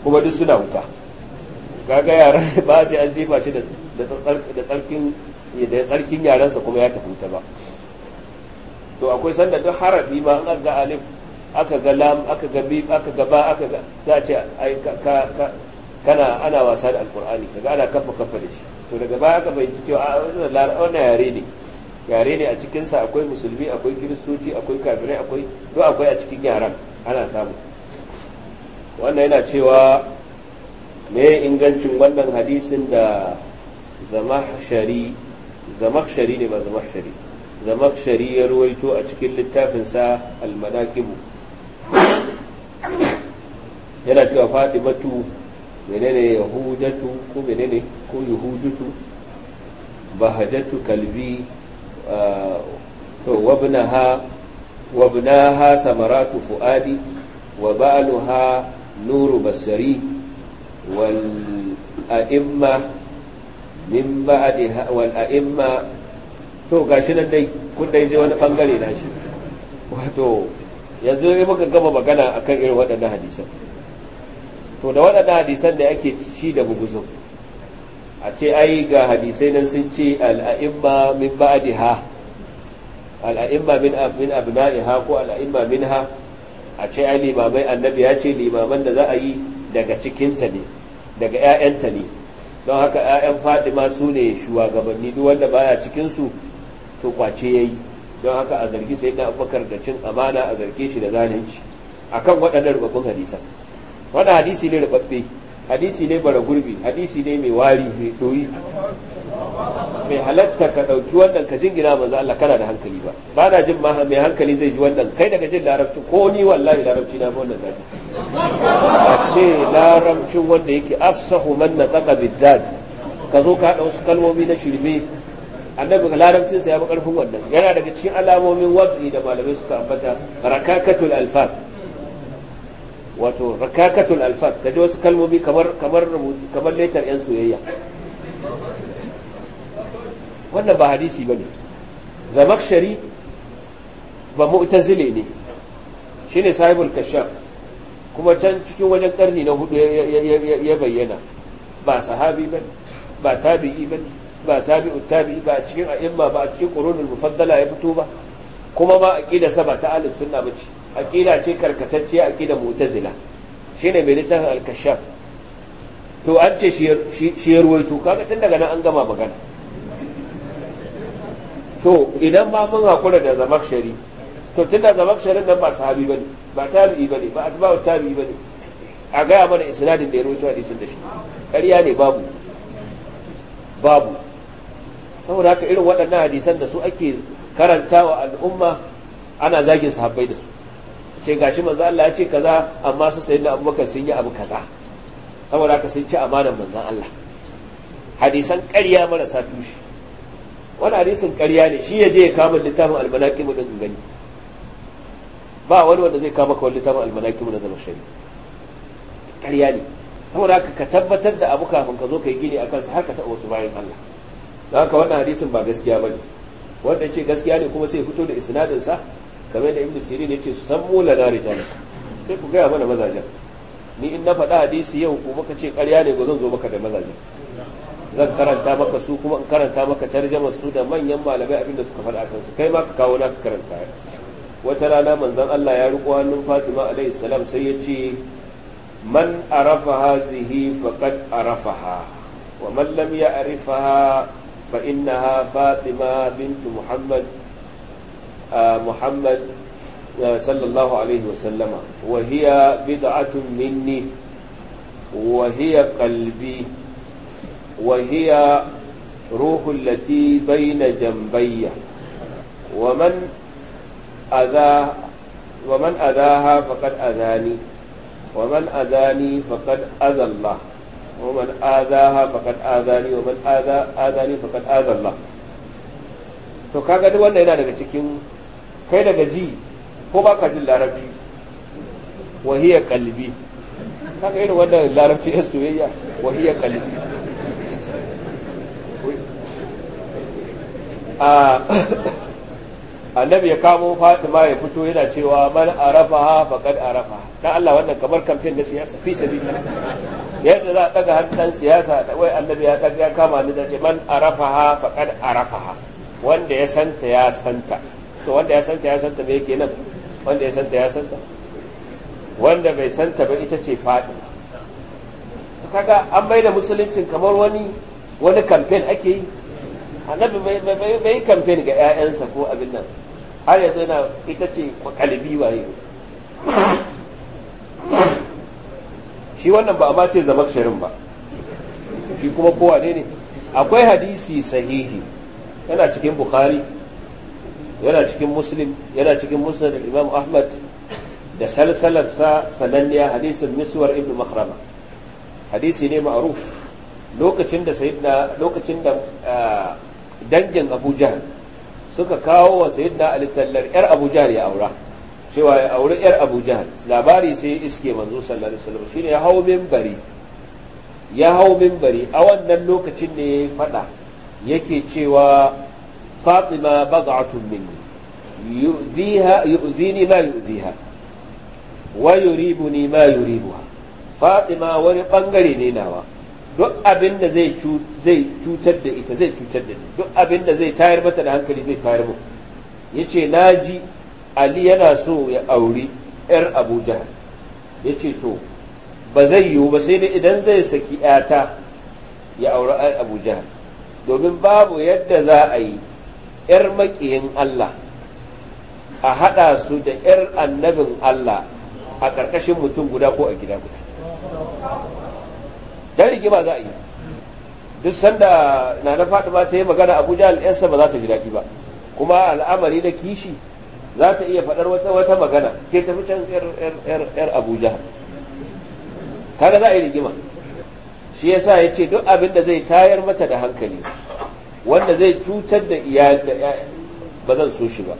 B: kuma duk suna wuta kaga yaran ba ce an jefa shi da tsarkin da tsarkin yaransa kuma ya tafi ta ba to akwai sanda duk harabi ma an ga alif aka ga lam aka ga bib aka ga ba aka ga za a ce ka kana ana wasa da alkur'ani kaga ana kafa kafa da shi to daga baya aka bayyana cewa a ah, wannan yare ne yare ne a cikinsa akwai musulmi akwai kiristoci akwai kafirai akwai do akwai a cikin yaran ana samu wannan yana cewa me ingancin wannan hadisin da zamahshari shari ne ba zamahshari shari ya ruwaito a cikin littafin sa almanakibu yana cewa matu. menene yahudatu ko menene ko yahujutu bahajatu kalbi ah, to wabnaha wabnaha samaratu fuadi wa ba'luha nuru basari wal a'imma min ba'daha wal a'imma to gashi nan dai kun dai je wani bangare na shi wato yanzu muka gama magana akan irin waɗannan hadisan to da waɗanda hadisan da ake shi da guguzo a ce ai ga hadisai nan sun ce al'a'imma min ha al'a'imma min min ha ko al'a'imma ha a ce ai limamai annabi ya ce limaman da za a yi daga cikinta ne daga 'ya'yanta ne don haka 'ya'yan fadima su ne shugabanni duk wanda baya cikinsu to kwace ya yi don haka a zargi sai na abubakar da cin amana a zarge shi da zalunci akan waɗannan rubabbun hadisan wani hadisi ne rubabbe hadisi ne bara gurbi hadisi ne mai wari mai doyi mai halatta ka ɗauki wannan ka jingina manzo Allah kana da hankali ba ba na jin ma mai hankali zai ji wannan kai daga jin larabci ko ni wallahi larabci na wannan dadi a ce larabcin wanda yake afsahu man nataqa bidad ka zo ka su kalmomi na shirme annabi ga larabcin sa ya ba karfin wannan yana daga cikin alamomin wazi da malamai suka ambata barakatul alfaz wato rakakatul alfat da wasu kalmomi kamar kamar kamar letar yan soyayya wannan ba hadisi bane zamakshari ba mu'tazile ne shine sahibul kashaf kuma can cikin wajen karni na hudu ya bayyana ba sahabi bane ba tabi'i bane ba tabi'u tabi'i ba cikin a'imma ba cikin qurunul mufaddala ya fito ba kuma ma a sa ba ta ahlus sunna bace aqida ce karkatacce aqida mu'tazila shine mai littafin al-kashaf to an ce shi ruwaito kaga tun daga nan an gama magana to idan ma mun hakura da shari, to tun da shari nan ba sahabi bane ba tabi'i bane ba atba'u tabi'i bane a gaya mana isnadin da ya ruwaito hadisin da shi ƙarya ne babu babu saboda haka irin waɗannan hadisan da su ake karantawa al'umma ana zagin sahabbai da su ce gashi manzan Allah ya ce kaza amma su da abubakar sun yi abu kaza saboda haka sun ci amanar manzan Allah hadisan ƙarya marasa tushe wani hadisin ƙarya ne shi ya je ya kama littafin almanaki mu ɗin gani ba wani wanda zai kama kawai littafin almanaki mu na zama shari ƙarya ne saboda haka ka tabbatar da abu kafin ka zo ka yi gini a kansa har ka taɓa wasu bayan Allah don haka wannan hadisin ba gaskiya ba ne wanda ce gaskiya ne kuma sai fito da isnadinsa kamar da ibnu sirin yace sammu lana rijalan sai ku gaya mana mazajen ni in na faɗa hadisi yau ko muka ce ƙarya ne ba zan zo maka da mazajen zan karanta maka su kuma in karanta maka tarjama su da manyan malamai abinda suka faɗa a kansu kai ma ka kawo naka karanta wata rana manzon Allah ya riko hannun Fatima alaihi salam sai ya ce man arafa hazihi faqad arafaha wa man lam ya'rifaha fa innaha Fatima bintu Muhammad muhammad sallallahu alaihi wa hiya bid'atun minni wa hiya qalbi wa hiya ومن آذاها فقد آذاني ومن آذى آذاني فقد آذى الله yana daga kai daga ji ko ba ka jin larabci wahiyar kalbi kaga irin wanda larabci ya soyayya wahiyar kalbi annabi ya kamo fatima ya fito yana cewa man arafa ha faqad arafa dan Allah wannan kamar kamfen na siyasa fi sabilillah yadda za a daga hannun siyasa da wai annabi ya daga kama ni da ce man arafa ha faqad arafa wanda ya santa ya santa to wanda ya santa ya santa me kenan wanda ya santa ya santa wanda bai santa ba ita ce faɗi kaga an bai da musuluncin kamar wani wani kamfen ake yi annabi bai kamfen ga 'ya'yansa ko abin nan har yanzu yana ita ce makalibi waye shi wannan ba a mace zama shirin ba shi kuma kowa ne ne akwai hadisi sahihi yana cikin bukhari yana cikin muslim yana cikin musnad imam ahmad da salsalar sa sananniya hadisin miswar ibn makhrama hadisi ne ma'ruf lokacin da sayyidina lokacin da ah, dangin abu jahl suka kawo wa sayyidina ali tallar yar abu jahl ya aura cewa ya auri yar abu jahl labari sai iske manzo sallallahu alaihi wasallam shine ya hawo minbari ya hawo minbari a wannan lokacin ne ya faɗa yake cewa fatima bad'atun minni yu'ziha yu'zini ma yu'ziha wa yuribuni ma yuribuha fatima wani bangare ne nawa duk abin da zai cutar da ita zai cutar da ni duk abin da zai tayar mata da hankali zai tayar mu yace ji ali yana so ya auri yar abu jahal yace to ba zai yiwu ba sai dai idan zai saki 'yata ya auri abu jahal domin babu yadda za a yi 'yar maƙiyin Allah a haɗa su da 'yar annabin Allah a ƙarƙashin mutum guda ko a gida guda dan rigima za a yi duk sanda na na faɗi ma ta yi magana abuja al'yansa ba za ta ji daɗi ba kuma al'amari da kishi za ta iya faɗar wata wata magana ke tafi can yar abuja kaga za a yi rigima shi yasa ya ce duk abin da zai tayar mata da hankali wanda zai cutar da iyali ba zan so shi ba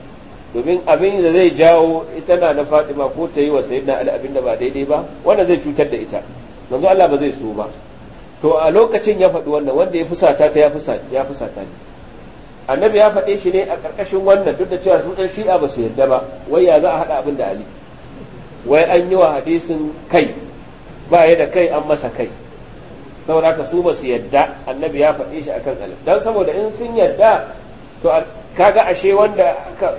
B: domin abin da zai jawo ita na na fatima ko ta yi wa sayyidina ali abin da ba daidai ba wanda zai cutar da ita manzo Allah ba zai so ba to a lokacin ya faɗi wannan wanda ya fusata ta ya fusata ne annabi ya faɗe shi ne a ƙarƙashin wannan duk da cewa su ɗan shi'a ba su yarda ba wai ya za a haɗa abin da ali wai an yi wa hadisin kai ba ya da kai an masa kai saboda haka su ba su yadda annabi ya faɗi shi akan alif dan saboda in sun yadda to kaga ashe wanda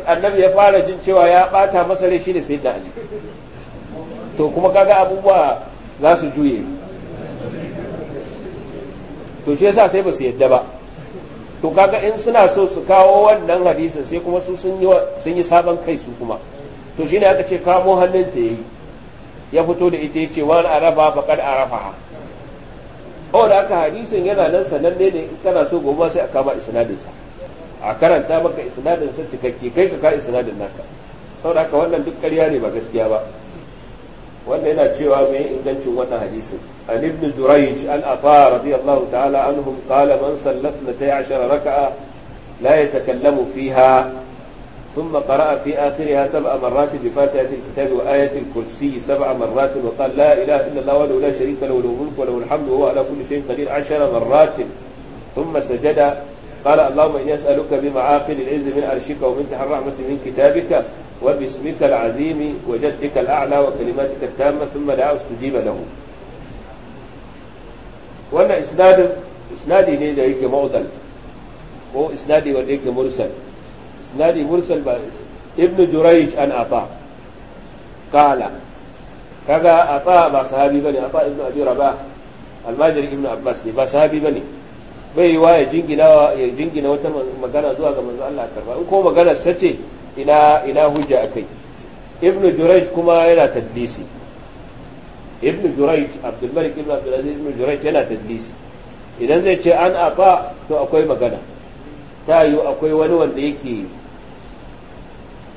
B: annabi ya fara jin cewa ya bata masa rai shine sayyidina ali to kuma kaga abubuwa za su juye to shi yasa sai ba su yadda ba to kaga in suna so su kawo wannan hadisin sai kuma su sun yi sun yi sabon kai su kuma to shine aka ce kamo hannunta yayi ya fito da ita yace wani arafa faqad arafaha saboda haka hadisin yana nan sananne ne in kana so gobe sai a kama isnadin sa a karanta maka isnadin sa cikakke kai ka ka isnadin naka saboda haka wannan duk ƙarya ne ba gaskiya ba wanda yana cewa mai ingancin wannan hadisin an ibn jurayj an afa radiyallahu ta'ala anhum qala man sallafna 12 raka'a la yatakallamu fiha ثم قرأ في آخرها سبع مرات بفاتحة الكتاب وآية الكرسي سبع مرات وقال لا إله إلا الله وله لا شريك له وله الملك وله الحمد وهو على كل شيء قدير عشر مرات ثم سجد قال اللهم إني أسألك بمعاقل العز من أرشك ومن تحر الرحمة من كتابك وباسمك العظيم وجدك الأعلى وكلماتك التامة ثم دعا استجيب له وأن إسناد إسنادي ليه ده هيك معضل هو إسنادي مرسل isnadi مرسل ba ابن جريج an ata قال kaga ata ba sahabi bane ابن ابي رباح rabah ابن عباس abbas صحابي ba sahabi bane bai yi wa ya jingina wata magana zuwa ga manzo Allah karba in ko magana sace ina ina hujja akai Ibn jurayj kuma yana tadlisi Ibn jurayj abdul malik ibn abdul aziz ibn jurayj yana tadlisi idan zai ce an aba to akwai magana ta yi akwai wani wanda yake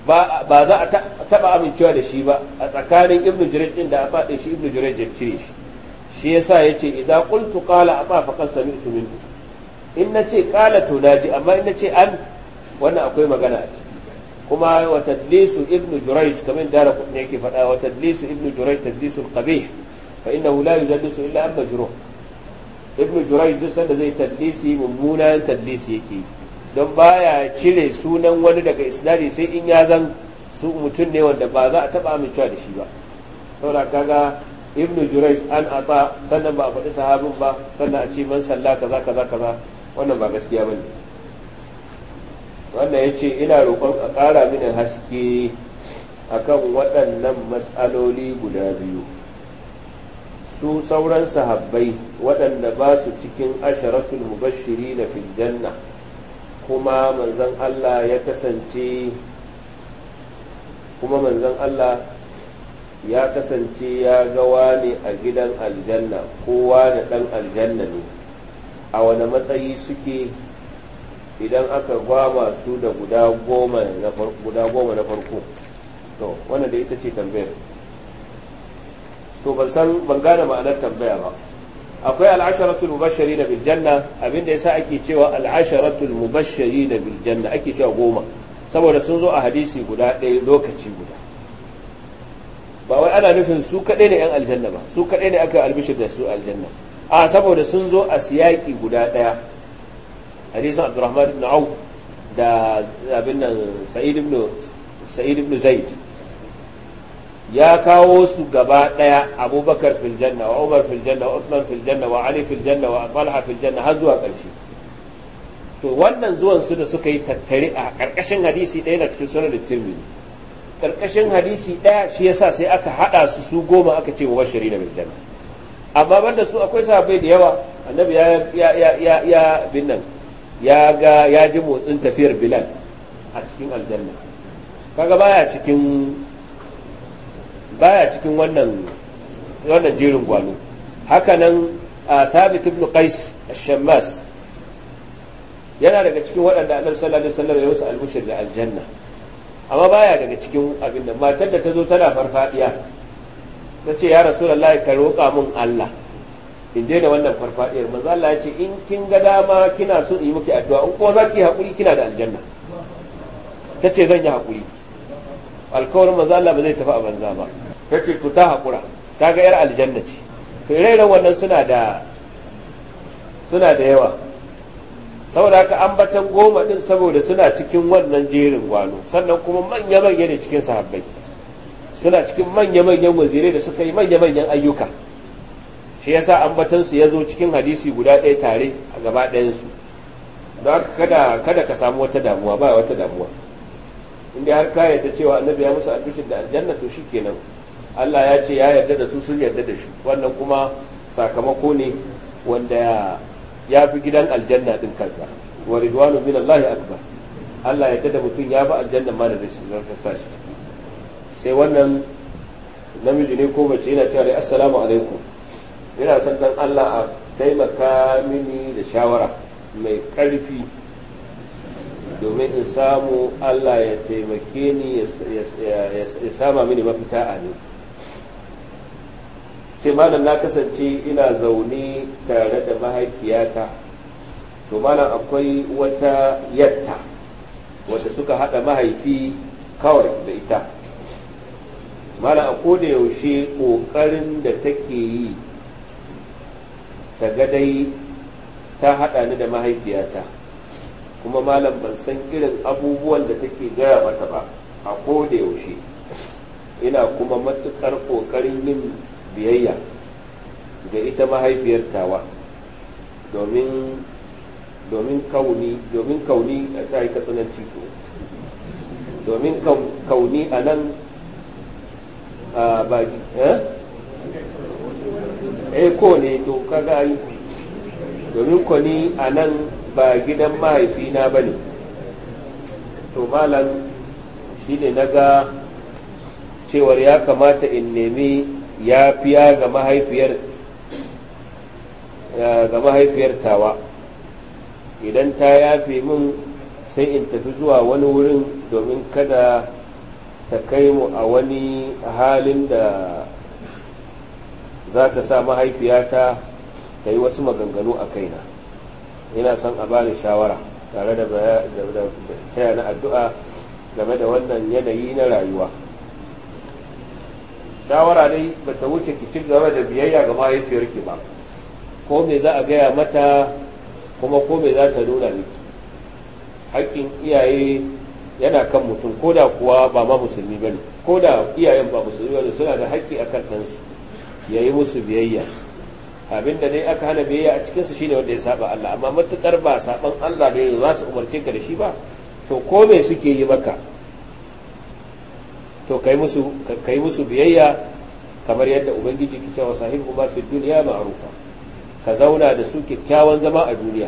B: ba za a taba amincewa da shi ba a tsakanin ibnu jurayj din da a faɗi shi ibnu jurayj ya cire shi shi yasa yace idza qultu qala aba faqad sami'tu minhu in nace qala to naji amma in ce an wannan akwai magana a kuma wa tadlisu ibnu jurayj kamar da rakun yake faɗa wa tadlisu ibnu jurayj tadlisul qabih fa innahu la yudallisu illa an majruh ibnu jurayj duk sanda zai tadlisi mummuna tadlisi yake yi don baya cire sunan wani daga isnadi sai in ya zan su mutum ne wanda ba za a taba amincewa da shi ba saboda kaga ibnu jurayj an ata sannan ba a faɗi sahabin ba sannan a ce man sallah kaza kaza kaza wannan ba gaskiya bane wannan yace ina roƙon a ƙara mini haske akan waɗannan matsaloli guda biyu su sauran sahabbai waɗanda ba su cikin asharatul mubashiri na janna kuma manzan Allah ya kasance kuma manzan Allah ya kasance ya ga wani a gidan aljanna kowa da ɗan aljanna ne a wani matsayi suke idan aka gwama su da guda goma na farko to wannan da ita ce tambayar to ban san ban gane ma'anar tambaya ba akwai al'asharatul mubashirin bil janna abinda sa ake cewa al'asharatul mubashirin na biljanna ake cewa goma saboda sun zo a hadisi guda ɗaya lokaci guda ba wai ana nufin su kaɗai ne yan aljanna ba su kaɗai ne aka albishir da su aljanna a saboda sun zo a siyaki guda ɗaya hadisin abdurrahman ibn auf da abin nan sa'id ibn sa'id ibn zaid ya kawo su gaba daya abubakar filjanna janna wa umar fil janna wa usman fil wa ali fil wa talha fil janna har zuwa karshe to wannan zuwan su da suka yi tattare a karkashin hadisi daya na cikin sunan tirmidhi karkashin hadisi daya shi yasa sai aka hada su su goma aka ce wa shirina bil janna amma banda su akwai sahabbai da yawa annabi ya ya ya ya binnan ya ga ya ji motsin tafiyar bilal a cikin aljanna kaga baya cikin baya cikin wannan wannan jerin gwano hakanan a thabit ibn qais ash-shammas yana daga cikin waɗanda annabi sallallahu alaihi wasallam ya al albushir da aljanna amma baya daga cikin abin da matar da ta zo tana farfadiya ta ce ya rasulullahi ka roƙa min Allah in daina wannan farfadiyar manzo Allah ya ce in kin ga dama kina so in yi miki addu'a in kuma za ki hakuri kina da aljanna ta ce zan yi hakuri alkawarin manzo Allah ba zai tafi a banza ba ta ce to ta haƙura ta ga yar aljanna ce to ire wannan suna da suna da yawa saboda haka ambatan goma din saboda suna cikin wannan jerin gwano sannan kuma manya-manya ne cikin sahabbai suna cikin manya-manyan wazirai da suka yi manya-manyan ayyuka shi yasa ambatansu ya zo cikin hadisi guda ɗaya tare a gaba ɗayansu don kada kada ka samu wata damuwa ba wata damuwa inda har ka yadda cewa annabi ya musu albishir da aljanna to shikenan Allah ya ce ya yarda da su sun yarda da shi wannan kuma sakamako ne wanda ya fi gidan aljanna din kansa wa ridwanu min Allah akbar Allah yarda da mutum ya fi aljanna ma da zai sa shi sai wannan namiji ne ko mace yana cewa assalamu alaikum ina son dan Allah a taimaka mini da shawara mai karfi domin in samu Allah ya taimake ni ya sama mini mafita a ne sai malam na kasance ina zaune tare da mahaifiyata to malam akwai wata yatta wadda suka hada mahaifi kawai da ita malam a koda yaushe kokarin da take yi ta gadai ta hada ni da mahaifiyata kuma malam ban san irin abubuwan da take gaya mata ba a koda yaushe ina kuma matukar kokarin yin biyayya ga ita mahaifiyar tawa domin kauni a ta yi katsananci ko domin kauni a nan a baki eh, eh ko ne to kaga yi domin kwani a nan ba gidan mahaifina ba ne to malam shi ne na ga cewar ya kamata in nemi ya fiya ga mahaifiyar tawa idan ta yafe min sai in tafi zuwa wani wurin domin kada ta kai mu a wani halin da za ta sa mahaifiyata ta yi wasu maganganu a kaina ina son a bani shawara tare da ta yana addu'a game da wannan yanayi na rayuwa shawara dai ba ta wuce ki ci gaba da biyayya ga mahaifiyarki ba ko me za a gaya mata kuma ko me za ta nuna miki haƙƙin iyaye yana kan mutum ko da kuwa ba ma musulmi ba ne ko da iyayen ba musulmi ba ne suna da hakki a kan ɗansu ya yi musu biyayya abin da dai aka hana biyayya a cikinsu shine wanda ya saba Allah amma matuƙar ba saban Allah ne za su umarce ka da shi ba to ko me suke yi maka to kai musu musu biyayya kamar yadda ubangiji ke cewa sahib kuma fi duniya ma'rufa ka zauna da su kyakkyawan zama a duniya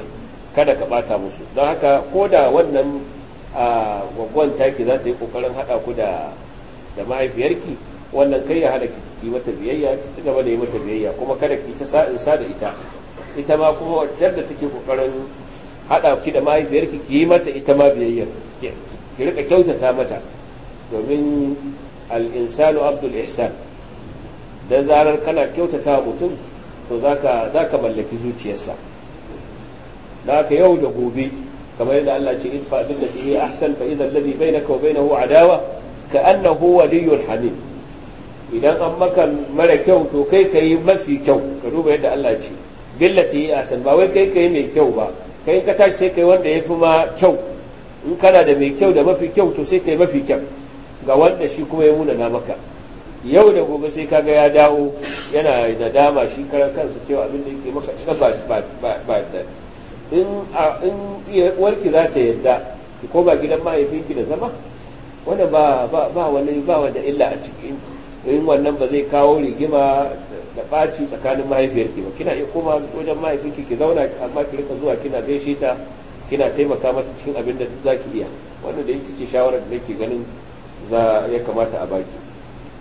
B: kada ka bata musu don haka ko da wannan gwaggwan taki za ta yi kokarin hada ku da mahaifiyarki wannan kai ya hada ki mata biyayya ta gaba da yi mata biyayya kuma kada ki ta sa'in sa da ita ita ma kuma wajen da take kokarin hada ki da mahaifiyarki ki yi mata ita ma biyayya ki rika kyautata mata domin al'insanu abdul ihsan da zarar kana kyautata mutum to za ka mallaki zuciyarsa da haka yau da gobe kamar yadda Allah ce idfa bil lati hi ahsan fa idha alladhi bainaka wa bainahu adawa ka annahu waliyyun hamim idan an maka mara kyau to kai kai mafi kyau ka duba yadda Allah ce bil lati hi ahsan ba wai kai kai mai kyau ba kai in ka tashi sai kai wanda yafi ma kyau in kana da mai kyau da mafi kyau to sai kai mafi kyau ga wanda shi kuma ya munana maka yau da gobe sai kaga ya dawo yana nadama dama shi karan kansa cewa abin da yake maka ba ba ba da in in warki za ta yadda ki koma gidan mahaifinki da zama wanda ba ba wani ba wanda illa a ciki in wannan ba zai kawo rigima da baci tsakanin mahaifiyarki ba kina iya koma wajen mahaifinki ki zauna amma ki rika zuwa kina gaishe ta kina taimaka mata cikin abin da za ki iya wanda da yake ce shawarar da nake ganin za ya kamata a baki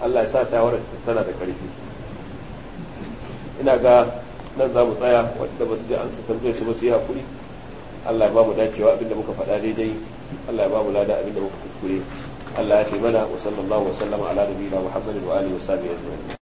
B: Allah ya sa shawarar tana da ƙarfi ina ga nan za mu tsaya wadda ba su ji an su tambaye su ba su yi hakuri Allah ya ba mu dacewa abinda muka faɗa daidai Allah ya ba mu lada abinda muka kuskure Allah ya fi mana wa sallallahu wa sallama ala nabiyina Muhammadin wa alihi wa sahbihi ajma'in